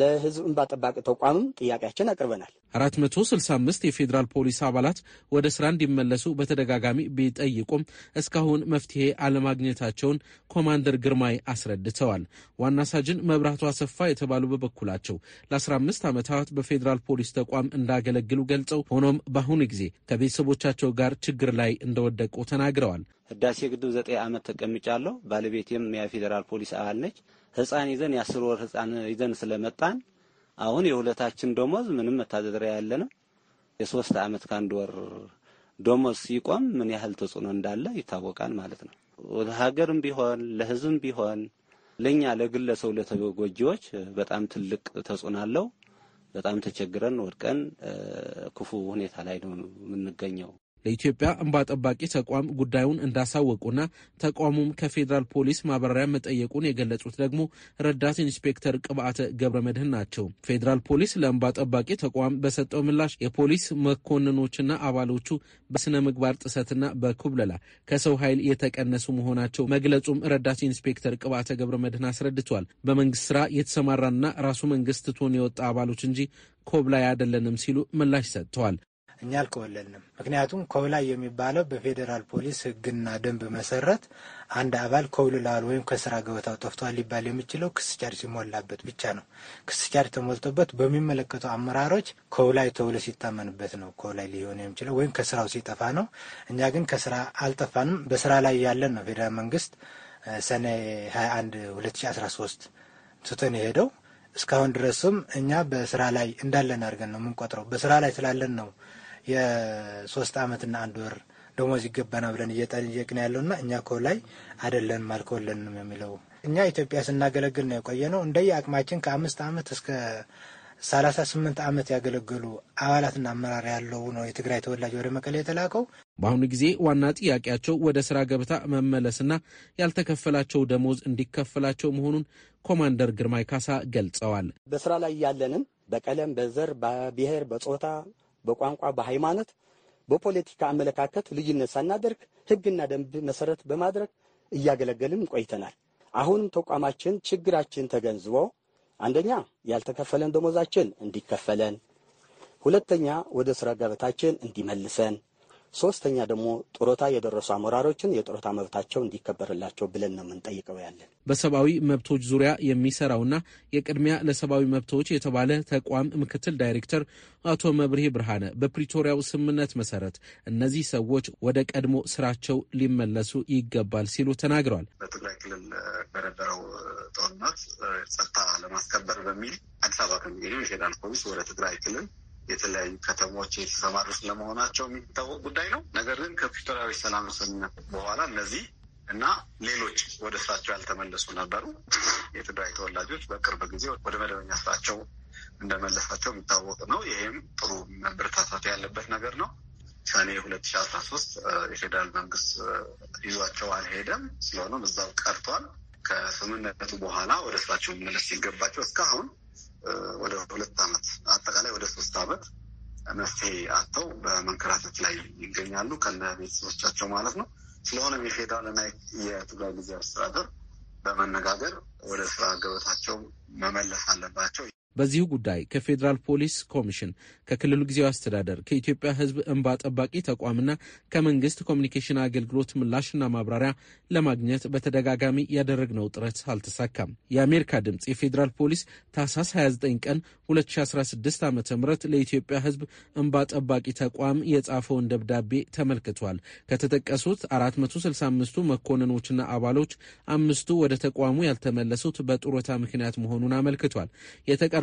ለህዝብ እንባ ጠባቂ ተቋምም ጥያቄያችን አቅርበናል። 465 የፌዴራል ፖሊስ አባላት ወደ ስራ እንዲመለሱ በተደጋጋሚ ቢጠይቁም እስካሁን መፍትሄ አለማግኘታቸውን ኮማንደር ግርማይ አስረድተዋል። ዋና ሳጅን መብራቱ አሰፋ የተባሉ በበኩላቸው ለ15 ዓመታት በፌዴራል ፖሊስ ተቋም እንዳገለግሉ ገልጸው ሆኖም በአሁኑ ጊዜ ከቤተሰቦቻቸው ጋር ችግር ላይ እንደወደቁ ተናግረዋል። ህዳሴ ግድብ ዘጠኝ ዓመት ተቀምጫለሁ። ባለቤቴም የፌዴራል ፖሊስ አባል ነች። ህፃን ይዘን የአስር ወር ህፃን ይዘን ስለመጣን አሁን የሁለታችን ደሞዝ ምንም መታደሪያ ያለንም የሶስት አመት ከአንድ ወር ደሞዝ ሲቆም ምን ያህል ተጽዕኖ እንዳለ ይታወቃል ማለት ነው። ሀገርም ቢሆን ለህዝብም ቢሆን ለእኛ ለግለሰው ለተጎጂዎች በጣም ትልቅ ተጽዕኖ አለው። በጣም ተቸግረን ወድቀን ክፉ ሁኔታ ላይ ነው የምንገኘው። ለኢትዮጵያ እንባ ጠባቂ ተቋም ጉዳዩን እንዳሳወቁና ተቋሙም ከፌዴራል ፖሊስ ማብራሪያ መጠየቁን የገለጹት ደግሞ ረዳት ኢንስፔክተር ቅብአተ ገብረ መድህን ናቸው። ፌዴራል ፖሊስ ለእንባ ጠባቂ ተቋም በሰጠው ምላሽ የፖሊስ መኮንኖችና አባሎቹ በስነ ምግባር ጥሰትና በኩብለላ ከሰው ኃይል የተቀነሱ መሆናቸው መግለጹም ረዳት ኢንስፔክተር ቅብአተ ገብረ መድህን አስረድቷል። በመንግስት ስራ የተሰማራና ራሱ መንግስት ትቶን የወጣ አባሎች እንጂ ኮብላይ አይደለንም ሲሉ ምላሽ ሰጥተዋል። እኛ አልከወለልንም። ምክንያቱም ከውላይ የሚባለው በፌዴራል ፖሊስ ሕግና ደንብ መሰረት አንድ አባል ከውልላል ወይም ከስራ ገበታው ጠፍቷል ሊባል የሚችለው ክስ ቻርጅ ሲሞላበት ብቻ ነው። ክስ ቻርጅ ተሞልቶበት በሚመለከቱ አመራሮች ከውላይ ተውሎ ሲታመንበት ነው ከውላይ ሊሆን የሚችለው ወይም ከስራው ሲጠፋ ነው። እኛ ግን ከስራ አልጠፋንም። በስራ ላይ ያለን ነው። ፌዴራል መንግስት ሰኔ 21 2013 ትቶን የሄደው እስካሁን ድረስም እኛ በስራ ላይ እንዳለን አድርገን ነው የምንቆጥረው። በስራ ላይ ስላለን ነው የሶስት አመትና አንድ ወር ደሞዝ ይገባና ብለን እየጠየቅን ያለውና እኛ ኮ ላይ አይደለንም አልከወለንም የሚለው እኛ ኢትዮጵያ ስናገለግል ነው የቆየ ነው። እንደየ አቅማችን ከአምስት አመት እስከ ሰላሳ ስምንት ዓመት ያገለገሉ አባላትና አመራር ያለው ነው የትግራይ ተወላጅ ወደ መቀሌ የተላከው። በአሁኑ ጊዜ ዋና ጥያቄያቸው ወደ ስራ ገብታ መመለስና ያልተከፈላቸው ደሞዝ እንዲከፈላቸው መሆኑን ኮማንደር ግርማይ ካሳ ገልጸዋል። በስራ ላይ ያለንን በቀለም፣ በዘር፣ በብሔር፣ በጾታ በቋንቋ፣ በሃይማኖት፣ በፖለቲካ አመለካከት ልዩነት ሳናደርግ ህግና ደንብ መሰረት በማድረግ እያገለገልን ቆይተናል። አሁንም ተቋማችን ችግራችን ተገንዝቦ አንደኛ ያልተከፈለን ደሞዛችን እንዲከፈለን፣ ሁለተኛ ወደ ስራ ገበታችን እንዲመልሰን ሶስተኛ ደግሞ ጡረታ የደረሱ አመራሮችን የጡረታ መብታቸው እንዲከበርላቸው ብለን ነው የምንጠይቀው። ያለን በሰብአዊ መብቶች ዙሪያ የሚሰራውና የቅድሚያ ለሰብአዊ መብቶች የተባለ ተቋም ምክትል ዳይሬክተር አቶ መብርሄ ብርሃነ በፕሪቶሪያው ስምምነት መሰረት እነዚህ ሰዎች ወደ ቀድሞ ስራቸው ሊመለሱ ይገባል ሲሉ ተናግረዋል። በትግራይ ክልል በነበረው ጦርነት ጸጥታ ለማስከበር በሚል አዲስ አበባ ከሚገኘው የፌዴራል ፖሊስ ወደ ትግራይ ክልል የተለያዩ ከተሞች የተሰማሩ ስለመሆናቸው የሚታወቅ ጉዳይ ነው። ነገር ግን ከፕሪቶሪያዊ ሰላም ስምምነት በኋላ እነዚህ እና ሌሎች ወደ ስራቸው ያልተመለሱ ነበሩ። የትግራይ ተወላጆች በቅርብ ጊዜ ወደ መደበኛ ስራቸው እንደመለሳቸው የሚታወቅ ነው። ይህም ጥሩ መበረታታት ያለበት ነገር ነው። ሰኔ ሁለት ሺ አስራ ሶስት የፌዴራል መንግስት ይዟቸው አልሄደም። ስለሆነም እዛው ቀርቷል። ከስምምነቱ በኋላ ወደ ስራቸው መመለስ ሲገባቸው እስካሁን ወደ ሁለት ዓመት አጠቃላይ ወደ ሶስት ዓመት መፍትሄ አጥተው በመንከራተት ላይ ይገኛሉ ከነ ቤተሰቦቻቸው ማለት ነው። ስለሆነም የፌዴራልና የትግራይ ጊዜያዊ አስተዳደር በመነጋገር ወደ ስራ ገበታቸው መመለስ አለባቸው። በዚሁ ጉዳይ ከፌዴራል ፖሊስ ኮሚሽን፣ ከክልሉ ጊዜያዊ አስተዳደር፣ ከኢትዮጵያ ሕዝብ እንባ ጠባቂ ተቋምና ከመንግስት ኮሚኒኬሽን አገልግሎት ምላሽና ማብራሪያ ለማግኘት በተደጋጋሚ ያደረግነው ጥረት አልተሳካም። የአሜሪካ ድምፅ የፌዴራል ፖሊስ ታህሳስ 29 ቀን 2016 ዓ ም ለኢትዮጵያ ሕዝብ እንባ ጠባቂ ተቋም የጻፈውን ደብዳቤ ተመልክቷል። ከተጠቀሱት 465ቱ መኮንኖችና አባሎች አምስቱ ወደ ተቋሙ ያልተመለሱት በጡረታ ምክንያት መሆኑን አመልክቷል።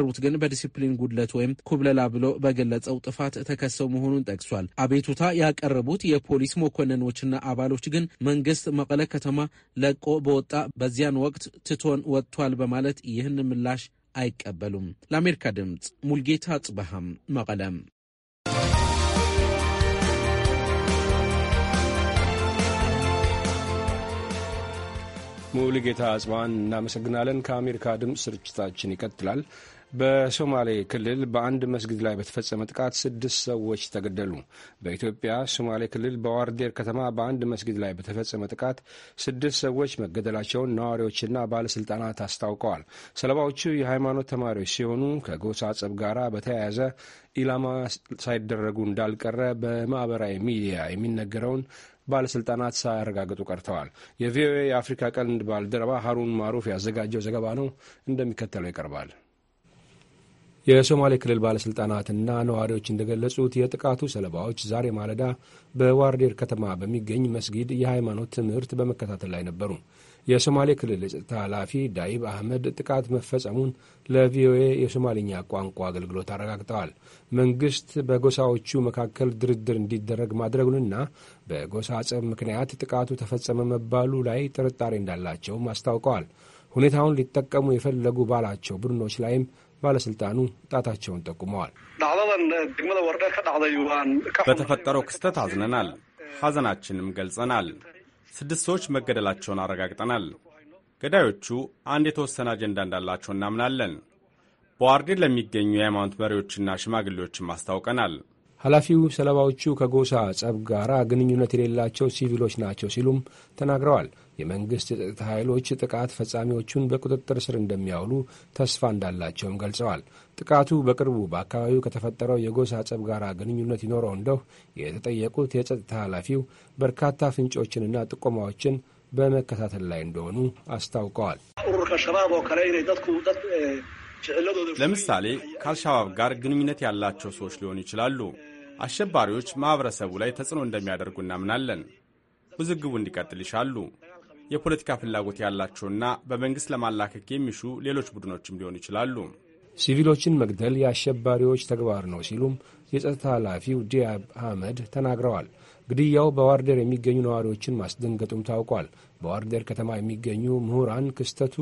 የቀሩት ግን በዲሲፕሊን ጉድለት ወይም ኩብለላ ብሎ በገለጸው ጥፋት ተከሰው መሆኑን ጠቅሷል። አቤቱታ ያቀረቡት የፖሊስ መኮንኖችና አባሎች ግን መንግስት መቀለ ከተማ ለቆ በወጣ በዚያን ወቅት ትቶን ወጥቷል በማለት ይህን ምላሽ አይቀበሉም። ለአሜሪካ ድምፅ ሙልጌታ ጽበሃም መቀለም። ሙሉጌታ አጽባን እናመሰግናለን። ከአሜሪካ ድምፅ ስርጭታችን ይቀጥላል። በሶማሌ ክልል በአንድ መስጊድ ላይ በተፈጸመ ጥቃት ስድስት ሰዎች ተገደሉ። በኢትዮጵያ ሶማሌ ክልል በዋርዴር ከተማ በአንድ መስጊድ ላይ በተፈጸመ ጥቃት ስድስት ሰዎች መገደላቸውን ነዋሪዎችና ባለስልጣናት አስታውቀዋል። ሰለባዎቹ የሃይማኖት ተማሪዎች ሲሆኑ ከጎሳ አጸብ ጋራ በተያያዘ ኢላማ ሳይደረጉ እንዳልቀረ በማህበራዊ ሚዲያ የሚነገረውን ባለስልጣናት ሳያረጋግጡ ቀርተዋል። የቪኦኤ የአፍሪካ ቀንድ ባልደረባ ሀሩን ማሩፍ ያዘጋጀው ዘገባ ነው፣ እንደሚከተለው ይቀርባል። የሶማሌ ክልል ባለሥልጣናትና ነዋሪዎች እንደገለጹት የጥቃቱ ሰለባዎች ዛሬ ማለዳ በዋርዴር ከተማ በሚገኝ መስጊድ የሃይማኖት ትምህርት በመከታተል ላይ ነበሩ። የሶማሌ ክልል የጸጥታ ኃላፊ ዳይብ አህመድ ጥቃት መፈጸሙን ለቪኦኤ የሶማሌኛ ቋንቋ አገልግሎት አረጋግጠዋል። መንግሥት በጎሳዎቹ መካከል ድርድር እንዲደረግ ማድረጉንና በጎሳ ጸብ ምክንያት ጥቃቱ ተፈጸመ መባሉ ላይ ጥርጣሬ እንዳላቸውም አስታውቀዋል። ሁኔታውን ሊጠቀሙ የፈለጉ ባላቸው ቡድኖች ላይም ባለስልጣኑ ጣታቸውን ጠቁመዋል። በተፈጠረው ክስተት አዝነናል፣ ሐዘናችንም ገልጸናል። ስድስት ሰዎች መገደላቸውን አረጋግጠናል። ገዳዮቹ አንድ የተወሰነ አጀንዳ እንዳላቸው እናምናለን። በዋርዴን ለሚገኙ የሃይማኖት መሪዎችና ሽማግሌዎችም አስታውቀናል። ኃላፊው ሰለባዎቹ ከጎሳ ጸብ ጋር ግንኙነት የሌላቸው ሲቪሎች ናቸው ሲሉም ተናግረዋል። የመንግሥት የጸጥታ ኃይሎች ጥቃት ፈጻሚዎቹን በቁጥጥር ስር እንደሚያውሉ ተስፋ እንዳላቸውም ገልጸዋል። ጥቃቱ በቅርቡ በአካባቢው ከተፈጠረው የጎሳ ጸብ ጋር ግንኙነት ይኖረው እንደው የተጠየቁት የጸጥታ ኃላፊው በርካታ ፍንጮችንና ጥቆማዎችን በመከታተል ላይ እንደሆኑ አስታውቀዋል። ለምሳሌ ከአልሻባብ ጋር ግንኙነት ያላቸው ሰዎች ሊሆኑ ይችላሉ። አሸባሪዎች ማኅበረሰቡ ላይ ተጽዕኖ እንደሚያደርጉ እናምናለን። ውዝግቡ እንዲቀጥል ይሻሉ። የፖለቲካ ፍላጎት ያላቸውና በመንግሥት ለማላከክ የሚሹ ሌሎች ቡድኖችም ሊሆኑ ይችላሉ። ሲቪሎችን መግደል የአሸባሪዎች ተግባር ነው ሲሉም የጸጥታ ኃላፊው ዲያብ አህመድ ተናግረዋል። ግድያው በዋርደር የሚገኙ ነዋሪዎችን ማስደንገጡም ታውቋል። በዋርደር ከተማ የሚገኙ ምሁራን ክስተቱ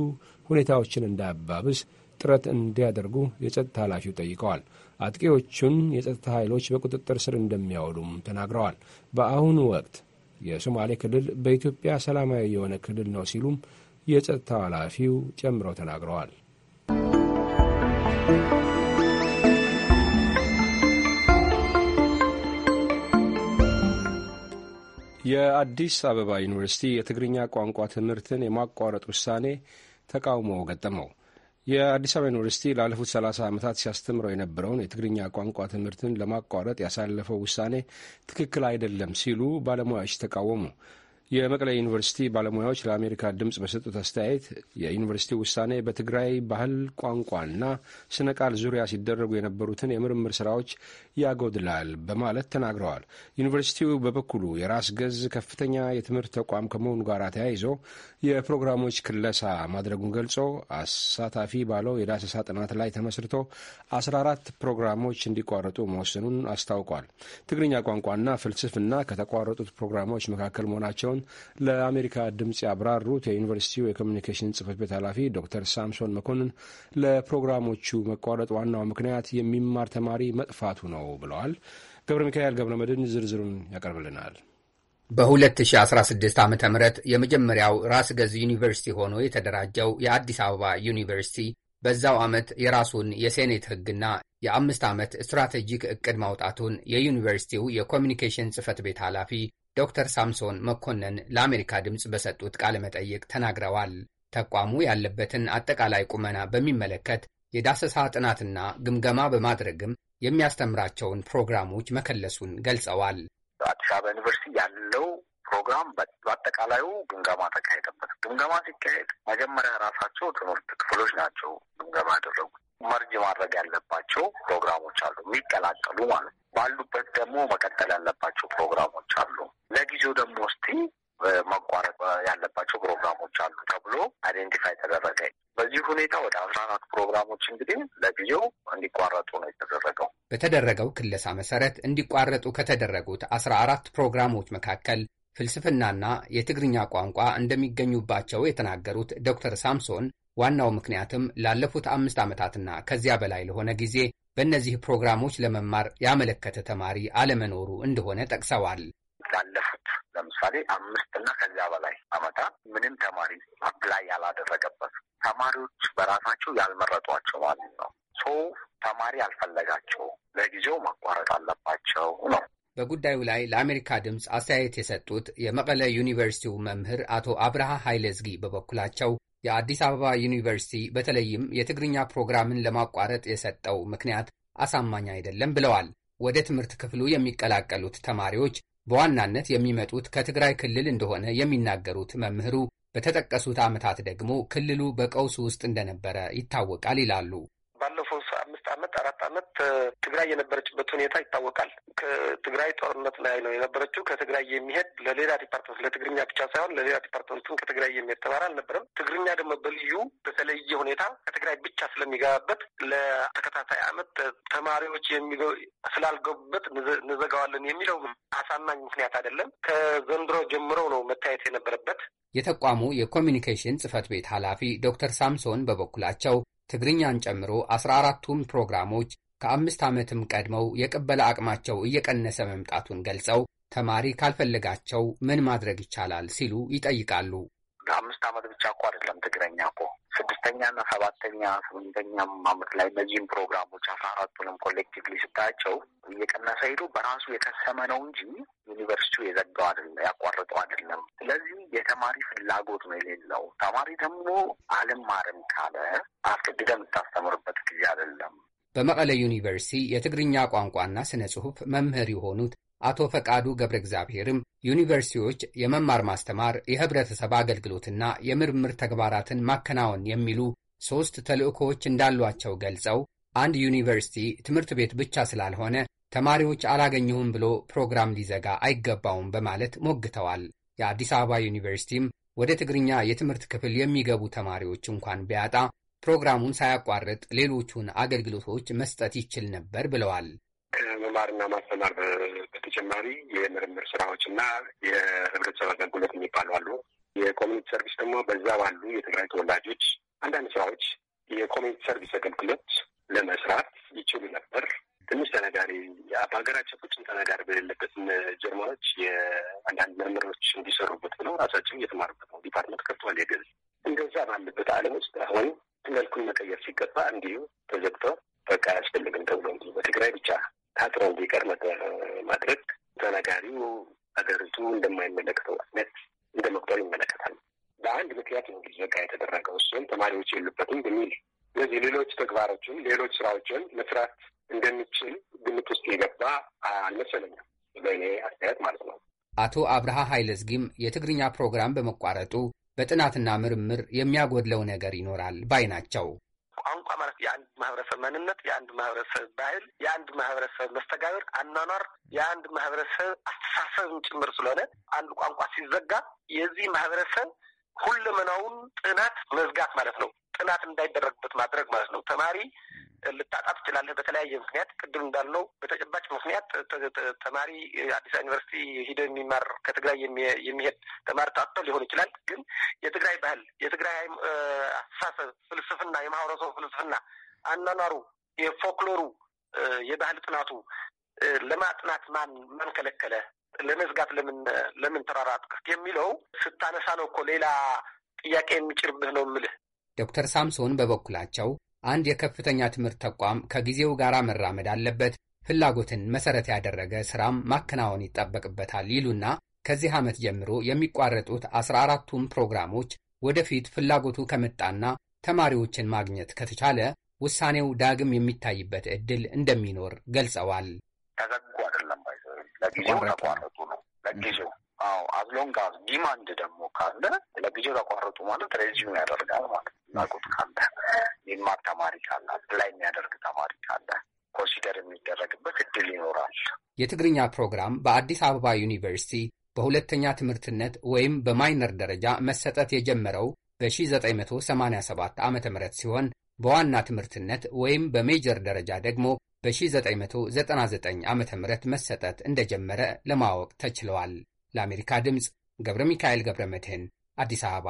ሁኔታዎችን እንዳያባብስ ጥረት እንዲያደርጉ የጸጥታ ኃላፊው ጠይቀዋል። አጥቂዎቹን የጸጥታ ኃይሎች በቁጥጥር ስር እንደሚያወሉም ተናግረዋል። በአሁኑ ወቅት የሶማሌ ክልል በኢትዮጵያ ሰላማዊ የሆነ ክልል ነው ሲሉም የጸጥታው ኃላፊው ጨምረው ተናግረዋል። የአዲስ አበባ ዩኒቨርሲቲ የትግርኛ ቋንቋ ትምህርትን የማቋረጥ ውሳኔ ተቃውሞ ገጠመው። የአዲስ አበባ ዩኒቨርሲቲ ላለፉት 30 ዓመታት ሲያስተምረው የነበረውን የትግርኛ ቋንቋ ትምህርትን ለማቋረጥ ያሳለፈው ውሳኔ ትክክል አይደለም ሲሉ ባለሙያዎች ተቃወሙ። የመቀለ ዩኒቨርሲቲ ባለሙያዎች ለአሜሪካ ድምፅ በሰጡት አስተያየት የዩኒቨርሲቲው ውሳኔ በትግራይ ባህል፣ ቋንቋና ስነ ቃል ዙሪያ ሲደረጉ የነበሩትን የምርምር ስራዎች ያጎድላል በማለት ተናግረዋል። ዩኒቨርሲቲው በበኩሉ የራስ ገዝ ከፍተኛ የትምህርት ተቋም ከመሆኑ ጋር ተያይዞ የፕሮግራሞች ክለሳ ማድረጉን ገልጾ አሳታፊ ባለው የዳሰሳ ጥናት ላይ ተመስርቶ 14 ፕሮግራሞች እንዲቋረጡ መወሰኑን አስታውቋል። ትግርኛ ቋንቋና ፍልስፍና ከተቋረጡት ፕሮግራሞች መካከል መሆናቸውን መሆኑን ለአሜሪካ ድምፅ ያብራሩት የዩኒቨርሲቲው የኮሚኒኬሽን ጽህፈት ቤት ኃላፊ ዶክተር ሳምሶን መኮንን ለፕሮግራሞቹ መቋረጥ ዋናው ምክንያት የሚማር ተማሪ መጥፋቱ ነው ብለዋል። ገብረ ሚካኤል ገብረ መድን ዝርዝሩን ያቀርብልናል። በ2016 ዓ ም የመጀመሪያው ራስ ገዝ ዩኒቨርሲቲ ሆኖ የተደራጀው የአዲስ አበባ ዩኒቨርሲቲ በዛው ዓመት የራሱን የሴኔት ሕግና የአምስት ዓመት ስትራቴጂክ ዕቅድ ማውጣቱን የዩኒቨርሲቲው የኮሚኒኬሽን ጽህፈት ቤት ኃላፊ ዶክተር ሳምሶን መኮንን ለአሜሪካ ድምፅ በሰጡት ቃለ መጠይቅ ተናግረዋል። ተቋሙ ያለበትን አጠቃላይ ቁመና በሚመለከት የዳሰሳ ጥናትና ግምገማ በማድረግም የሚያስተምራቸውን ፕሮግራሞች መከለሱን ገልጸዋል። በአዲስ አበባ ዩኒቨርሲቲ ያለው ፕሮግራም በአጠቃላዩ ግምገማ ተካሄደበት። ግምገማ ሲካሄድ መጀመሪያ ራሳቸው ትምህርት ክፍሎች ናቸው ግምገማ ያደረጉት። መርጅ ማድረግ ያለባቸው ፕሮግራሞች አሉ፣ የሚቀላቀሉ ማለት ነው። ባሉበት ደግሞ መቀጠል ያለባቸው ፕሮግራሞች አሉ። ለጊዜው ደግሞ እስቲ መቋረጥ ያለባቸው ፕሮግራሞች አሉ ተብሎ አይዴንቲፋይ ተደረገ። በዚህ ሁኔታ ወደ አስራ አራት ፕሮግራሞች እንግዲህ ለጊዜው እንዲቋረጡ ነው የተደረገው። በተደረገው ክለሳ መሰረት እንዲቋረጡ ከተደረጉት አስራ አራት ፕሮግራሞች መካከል ፍልስፍናና የትግርኛ ቋንቋ እንደሚገኙባቸው የተናገሩት ዶክተር ሳምሶን ዋናው ምክንያትም ላለፉት አምስት ዓመታትና ከዚያ በላይ ለሆነ ጊዜ በእነዚህ ፕሮግራሞች ለመማር ያመለከተ ተማሪ አለመኖሩ እንደሆነ ጠቅሰዋል። ላለፉት ለምሳሌ አምስት እና ከዚያ በላይ ዓመታት ምንም ተማሪ አፕላይ ያላደረገበት ተማሪዎች በራሳቸው ያልመረጧቸው ማለት ነው። ሰው ተማሪ ያልፈለጋቸው ለጊዜው ማቋረጥ አለባቸው ነው። በጉዳዩ ላይ ለአሜሪካ ድምፅ አስተያየት የሰጡት የመቀለ ዩኒቨርሲቲው መምህር አቶ አብርሃ ኃይለዝጊ በበኩላቸው የአዲስ አበባ ዩኒቨርሲቲ በተለይም የትግርኛ ፕሮግራምን ለማቋረጥ የሰጠው ምክንያት አሳማኝ አይደለም ብለዋል። ወደ ትምህርት ክፍሉ የሚቀላቀሉት ተማሪዎች በዋናነት የሚመጡት ከትግራይ ክልል እንደሆነ የሚናገሩት መምህሩ በተጠቀሱት ዓመታት ደግሞ ክልሉ በቀውስ ውስጥ እንደነበረ ይታወቃል ይላሉ። ዓመት ትግራይ የነበረችበት ሁኔታ ይታወቃል። ከትግራይ ጦርነት ላይ ነው የነበረችው። ከትግራይ የሚሄድ ለሌላ ዲፓርትመንት ለትግርኛ ብቻ ሳይሆን ለሌላ ዲፓርትመንትም ከትግራይ የሚሄድ ተማሪ አልነበረም። ትግርኛ ደግሞ በልዩ በተለየ ሁኔታ ከትግራይ ብቻ ስለሚገባበት ለተከታታይ ዓመት ተማሪዎች ስላልገቡበት እንዘጋዋለን የሚለው አሳማኝ ምክንያት አይደለም። ከዘንድሮ ጀምሮ ነው መታየት የነበረበት። የተቋሙ የኮሚኒኬሽን ጽህፈት ቤት ኃላፊ ዶክተር ሳምሶን በበኩላቸው ትግርኛን ጨምሮ አስራ አራቱም ፕሮግራሞች ከአምስት ዓመትም ቀድመው የቅበላ አቅማቸው እየቀነሰ መምጣቱን ገልጸው ተማሪ ካልፈለጋቸው ምን ማድረግ ይቻላል ሲሉ ይጠይቃሉ። አምስት አመት ብቻ እኮ አይደለም ትግረኛ እኮ ስድስተኛና ሰባተኛ ስምንተኛም አመት ላይ እነዚህም ፕሮግራሞች አስራ አራቱንም ኮሌክቲቭሊ ስታያቸው እየቀነሰ ሄዶ በራሱ የከሰመ ነው እንጂ ዩኒቨርሲቲው የዘጋው አይደለም ያቋርጠው አይደለም። ስለዚህ የተማሪ ፍላጎት ነው የሌለው። ተማሪ ደግሞ አልማርም ካለ አስገድደ የምታስተምርበት ጊዜ አይደለም። በመቀለ ዩኒቨርሲቲ የትግርኛ ቋንቋና ስነ ጽሁፍ መምህር የሆኑት አቶ ፈቃዱ ገብረ እግዚአብሔርም ዩኒቨርሲቲዎች የመማር ማስተማር፣ የህብረተሰብ አገልግሎትና የምርምር ተግባራትን ማከናወን የሚሉ ሦስት ተልዕኮዎች እንዳሏቸው ገልጸው አንድ ዩኒቨርሲቲ ትምህርት ቤት ብቻ ስላልሆነ ተማሪዎች አላገኘሁም ብሎ ፕሮግራም ሊዘጋ አይገባውም በማለት ሞግተዋል። የአዲስ አበባ ዩኒቨርሲቲም ወደ ትግርኛ የትምህርት ክፍል የሚገቡ ተማሪዎች እንኳን ቢያጣ ፕሮግራሙን ሳያቋርጥ ሌሎቹን አገልግሎቶች መስጠት ይችል ነበር ብለዋል። ከመማርና ማስተማር በተጨማሪ የምርምር ስራዎች የህብረተሰብ አገልግሎት የሚባሉ አሉ። የኮሚኒቲ ሰርቪስ ደግሞ በዛ ባሉ የትግራይ ተወላጆች አንዳንድ ስራዎች የኮሚኒቲ ሰርቪስ አገልግሎት ለመስራት ይችሉ ነበር። ትንሽ ተነጋሪ በሀገራችን ቁጭን ተነጋሪ በሌለበት ጀርመኖች የአንዳንድ ምርምሮች እንዲሰሩበት ብለው ራሳቸው እየተማሩበት ነው። ዲፓርትመንት ከፍቷል። የገዝ እንደዛ ባለበት ዓለም ውስጥ አሁን መልኩን መቀየር ሲገባ እንዲሁ ተዘግተው በቃ አያስፈልግም ተብሎ እንዲሁ በትግራይ ብቻ ታጥሮ እንዲቀር ማድረግ ተናጋሪው ሀገሪቱ እንደማይመለከተው አይነት እንደ መቁጠር ይመለከታል። በአንድ ምክንያት ነው እንዲዘጋ የተደረገው፣ እሱም ተማሪዎች የሉበትም በሚል ስለዚህ ሌሎች ተግባሮችን ሌሎች ስራዎችን መስራት እንደሚችል ግምት ውስጥ የገባ አልመሰለኝም፣ በእኔ አስተያየት ማለት ነው። አቶ አብርሃ ኃይለዝጊም የትግርኛ ፕሮግራም በመቋረጡ በጥናትና ምርምር የሚያጎድለው ነገር ይኖራል ባይ ናቸው። ቋንቋ ማለት የአንድ ማህበረሰብ ማንነት፣ የአንድ ማህበረሰብ ባህል፣ የአንድ ማህበረሰብ መስተጋብር፣ አኗኗር፣ የአንድ ማህበረሰብ አስተሳሰብም ጭምር ስለሆነ አንድ ቋንቋ ሲዘጋ የዚህ ማህበረሰብ ሁለመናውን ጥናት መዝጋት ማለት ነው። ጥናት እንዳይደረግበት ማድረግ ማለት ነው። ተማሪ ልታጣ ትችላለህ በተለያየ ምክንያት። ቅድም እንዳልነው በተጨባጭ ምክንያት ተማሪ አዲስ ዩኒቨርሲቲ ሂደ የሚማር ከትግራይ የሚሄድ ተማሪ ታጥቶ ሊሆን ይችላል። ግን የትግራይ ባህል፣ የትግራይ አስተሳሰብ፣ ፍልስፍና፣ የማህበረሰቡ ፍልስፍና፣ አኗኗሩ፣ የፎክሎሩ፣ የባህል ጥናቱ ለማጥናት ማን ማን ከለከለ? ለመዝጋት ለምን ለምን ተራራ የሚለው ስታነሳ ነው እኮ ሌላ ጥያቄ የሚጭርብህ ነው የምልህ ዶክተር ሳምሶን በበኩላቸው አንድ የከፍተኛ ትምህርት ተቋም ከጊዜው ጋር መራመድ አለበት፣ ፍላጎትን መሰረት ያደረገ ስራም ማከናወን ይጠበቅበታል ይሉና ከዚህ ዓመት ጀምሮ የሚቋረጡት አስራ አራቱም ፕሮግራሞች ወደፊት ፍላጎቱ ከመጣና ተማሪዎችን ማግኘት ከተቻለ ውሳኔው ዳግም የሚታይበት እድል እንደሚኖር ገልጸዋል። ተዘጉ አይደለም ለጊዜው ተቋረጡ ነው ለጊዜው አዎ አዝሎንግ አዝ ዲማንድ ደግሞ ካለ ለጊዜው ተቋረጡ ማለት ሬዚዩም ያደርጋል ማለት ናቁት ካለ የሚማር ተማሪ ካለ ላይ የሚያደርግ ተማሪ ካለ ኮንሲደር የሚደረግበት እድል ይኖራል። የትግርኛ ፕሮግራም በአዲስ አበባ ዩኒቨርሲቲ በሁለተኛ ትምህርትነት ወይም በማይነር ደረጃ መሰጠት የጀመረው በ1987 ዓ ም ሲሆን በዋና ትምህርትነት ወይም በሜጀር ደረጃ ደግሞ በ1999 ዓ ም መሰጠት እንደጀመረ ለማወቅ ተችለዋል። ለአሜሪካ ድምፅ ገብረ ሚካኤል ገብረ መድህን አዲስ አበባ።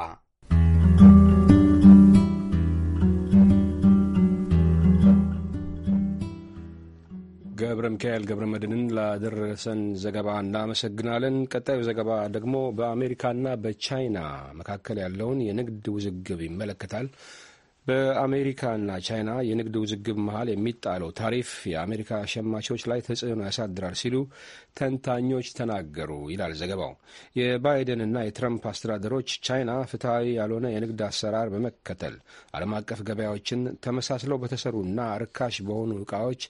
ገብረ ሚካኤል ገብረ መድንን ላደረሰን ዘገባ እናመሰግናለን። ቀጣዩ ዘገባ ደግሞ በአሜሪካና በቻይና መካከል ያለውን የንግድ ውዝግብ ይመለከታል። በአሜሪካና ቻይና የንግድ ውዝግብ መሀል የሚጣለው ታሪፍ የአሜሪካ ሸማቾች ላይ ተጽዕኖ ያሳድራል ሲሉ ተንታኞች ተናገሩ ይላል ዘገባው። የባይደንና የትረምፕ አስተዳደሮች ቻይና ፍትሐዊ ያልሆነ የንግድ አሰራር በመከተል ዓለም አቀፍ ገበያዎችን ተመሳስለው በተሰሩና ርካሽ በሆኑ ዕቃዎች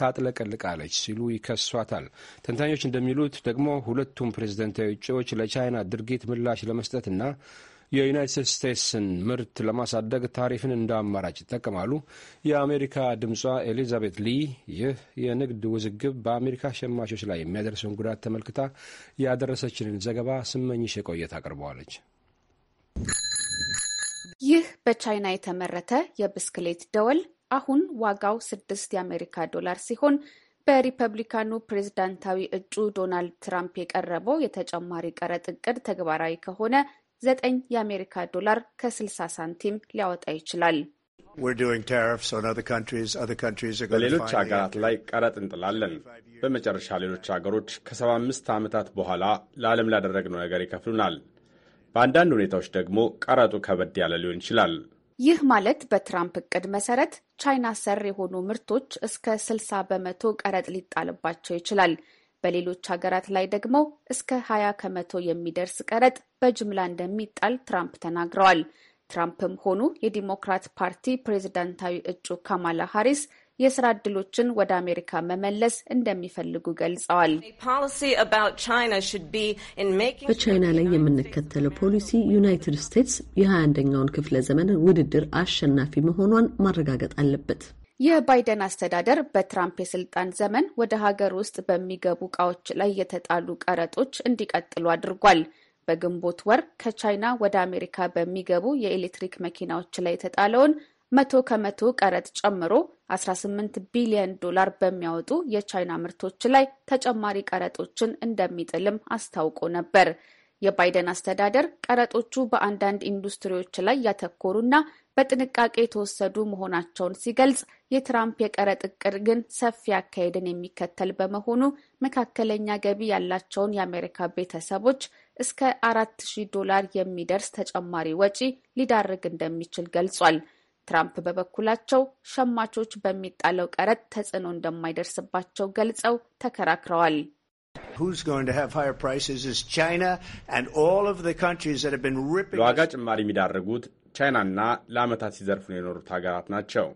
ታጥለቀልቃለች ሲሉ ይከሷታል። ተንታኞች እንደሚሉት ደግሞ ሁለቱም ፕሬዝደንታዊ እጩዎች ለቻይና ድርጊት ምላሽ ለመስጠትና የዩናይትድ ስቴትስን ምርት ለማሳደግ ታሪፍን እንደ አማራጭ ይጠቀማሉ። የአሜሪካ ድምጿ ኤሊዛቤት ሊ ይህ የንግድ ውዝግብ በአሜሪካ ሸማቾች ላይ የሚያደርሰውን ጉዳት ተመልክታ ያደረሰችንን ዘገባ ስመኝሽ የቆየት አቅርበዋለች። ይህ በቻይና የተመረተ የብስክሌት ደወል አሁን ዋጋው ስድስት የአሜሪካ ዶላር ሲሆን በሪፐብሊካኑ ፕሬዝዳንታዊ እጩ ዶናልድ ትራምፕ የቀረበው የተጨማሪ ቀረጥ እቅድ ተግባራዊ ከሆነ ዘጠኝ የአሜሪካ ዶላር ከ60 ሳንቲም ሊያወጣ ይችላል። በሌሎች ሀገራት ላይ ቀረጥ እንጥላለን። በመጨረሻ ሌሎች ሀገሮች ከ75 ዓመታት በኋላ ለዓለም ላደረግነው ነገር ይከፍሉናል። በአንዳንድ ሁኔታዎች ደግሞ ቀረጡ ከበድ ያለ ሊሆን ይችላል። ይህ ማለት በትራምፕ እቅድ መሰረት ቻይና ሰር የሆኑ ምርቶች እስከ 60 በመቶ ቀረጥ ሊጣልባቸው ይችላል። በሌሎች ሀገራት ላይ ደግሞ እስከ 20 ከመቶ የሚደርስ ቀረጥ በጅምላ እንደሚጣል ትራምፕ ተናግረዋል። ትራምፕም ሆኑ የዲሞክራት ፓርቲ ፕሬዝዳንታዊ እጩ ካማላ ሃሪስ የስራ ዕድሎችን ወደ አሜሪካ መመለስ እንደሚፈልጉ ገልጸዋል። በቻይና ላይ የምንከተለው ፖሊሲ ዩናይትድ ስቴትስ የ21ኛውን ክፍለ ዘመን ውድድር አሸናፊ መሆኗን ማረጋገጥ አለበት። የባይደን አስተዳደር በትራምፕ የስልጣን ዘመን ወደ ሀገር ውስጥ በሚገቡ እቃዎች ላይ የተጣሉ ቀረጦች እንዲቀጥሉ አድርጓል። በግንቦት ወር ከቻይና ወደ አሜሪካ በሚገቡ የኤሌክትሪክ መኪናዎች ላይ የተጣለውን መቶ ከመቶ ቀረጥ ጨምሮ 18 ቢሊዮን ዶላር በሚያወጡ የቻይና ምርቶች ላይ ተጨማሪ ቀረጦችን እንደሚጥልም አስታውቆ ነበር። የባይደን አስተዳደር ቀረጦቹ በአንዳንድ ኢንዱስትሪዎች ላይ ያተኮሩና በጥንቃቄ የተወሰዱ መሆናቸውን ሲገልጽ የትራምፕ የቀረጥ እቅድ ግን ሰፊ አካሄድን የሚከተል በመሆኑ መካከለኛ ገቢ ያላቸውን የአሜሪካ ቤተሰቦች እስከ አራት ሺህ ዶላር የሚደርስ ተጨማሪ ወጪ ሊዳርግ እንደሚችል ገልጿል። ትራምፕ በበኩላቸው ሸማቾች በሚጣለው ቀረጥ ተጽዕኖ እንደማይደርስባቸው ገልጸው ተከራክረዋል። ለዋጋ ጭማሪ የሚዳርጉት ቻይናና ለዓመታት ሲዘርፉን የኖሩት ሀገራት ናቸው።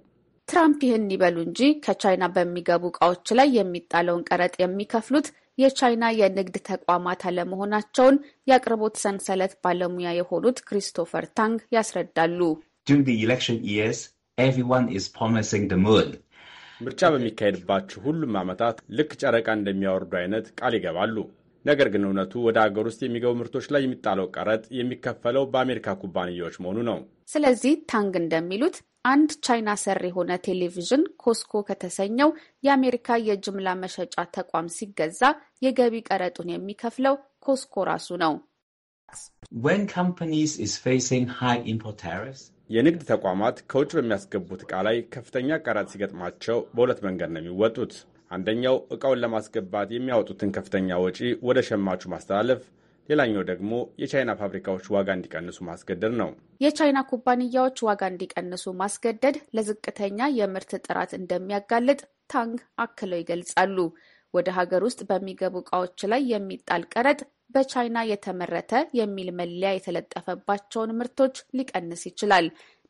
ትራምፕ ይህን ይበሉ እንጂ ከቻይና በሚገቡ እቃዎች ላይ የሚጣለውን ቀረጥ የሚከፍሉት የቻይና የንግድ ተቋማት አለመሆናቸውን የአቅርቦት ሰንሰለት ባለሙያ የሆኑት ክሪስቶፈር ታንግ ያስረዳሉ። ምርጫ በሚካሄድባቸው ሁሉም ዓመታት ልክ ጨረቃ እንደሚያወርዱ አይነት ቃል ይገባሉ። ነገር ግን እውነቱ ወደ አገር ውስጥ የሚገቡ ምርቶች ላይ የሚጣለው ቀረጥ የሚከፈለው በአሜሪካ ኩባንያዎች መሆኑ ነው። ስለዚህ ታንግ እንደሚሉት አንድ ቻይና ሰር የሆነ ቴሌቪዥን ኮስኮ ከተሰኘው የአሜሪካ የጅምላ መሸጫ ተቋም ሲገዛ የገቢ ቀረጡን የሚከፍለው ኮስኮ ራሱ ነው። የንግድ ተቋማት ከውጭ በሚያስገቡት ዕቃ ላይ ከፍተኛ ቀረጥ ሲገጥማቸው በሁለት መንገድ ነው የሚወጡት። አንደኛው እቃውን ለማስገባት የሚያወጡትን ከፍተኛ ወጪ ወደ ሸማቹ ማስተላለፍ ሌላኛው ደግሞ የቻይና ፋብሪካዎች ዋጋ እንዲቀንሱ ማስገደድ ነው። የቻይና ኩባንያዎች ዋጋ እንዲቀንሱ ማስገደድ ለዝቅተኛ የምርት ጥራት እንደሚያጋልጥ ታንግ አክለው ይገልጻሉ። ወደ ሀገር ውስጥ በሚገቡ እቃዎች ላይ የሚጣል ቀረጥ በቻይና የተመረተ የሚል መለያ የተለጠፈባቸውን ምርቶች ሊቀንስ ይችላል።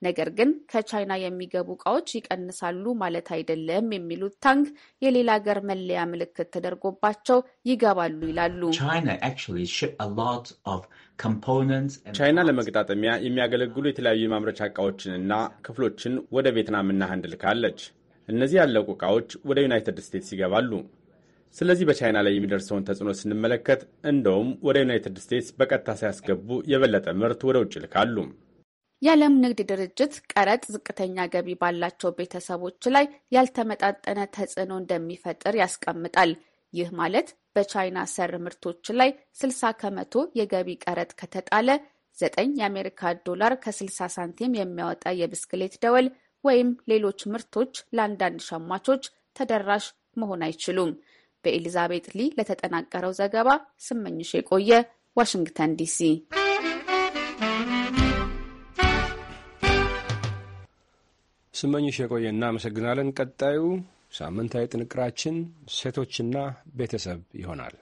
ነገር ግን ከቻይና የሚገቡ እቃዎች ይቀንሳሉ ማለት አይደለም የሚሉት ታንግ የሌላ ሀገር መለያ ምልክት ተደርጎባቸው ይገባሉ ይላሉ። ቻይና ለመገጣጠሚያ የሚያገለግሉ የተለያዩ የማምረቻ እቃዎችንና ክፍሎችን ወደ ቬትናምና ህንድ ልካለች። እነዚህ ያለቁ እቃዎች ወደ ዩናይትድ ስቴትስ ይገባሉ። ስለዚህ በቻይና ላይ የሚደርሰውን ተጽዕኖ ስንመለከት እንደውም ወደ ዩናይትድ ስቴትስ በቀጥታ ሳያስገቡ የበለጠ ምርት ወደ ውጭ ልካሉ። የዓለም ንግድ ድርጅት ቀረጥ ዝቅተኛ ገቢ ባላቸው ቤተሰቦች ላይ ያልተመጣጠነ ተጽዕኖ እንደሚፈጥር ያስቀምጣል። ይህ ማለት በቻይና ሰር ምርቶች ላይ 60 ከመቶ የገቢ ቀረጥ ከተጣለ 9 የአሜሪካ ዶላር ከ60 ሳንቲም የሚያወጣ የብስክሌት ደወል ወይም ሌሎች ምርቶች ለአንዳንድ ሸማቾች ተደራሽ መሆን አይችሉም። በኤሊዛቤት ሊ ለተጠናቀረው ዘገባ ስመኝሽ የቆየ ዋሽንግተን ዲሲ። ስመኝሽ የቆየ እናመሰግናለን። ቀጣዩ ሳምንታዊ ጥንቅራችን ሴቶችና ቤተሰብ ይሆናል።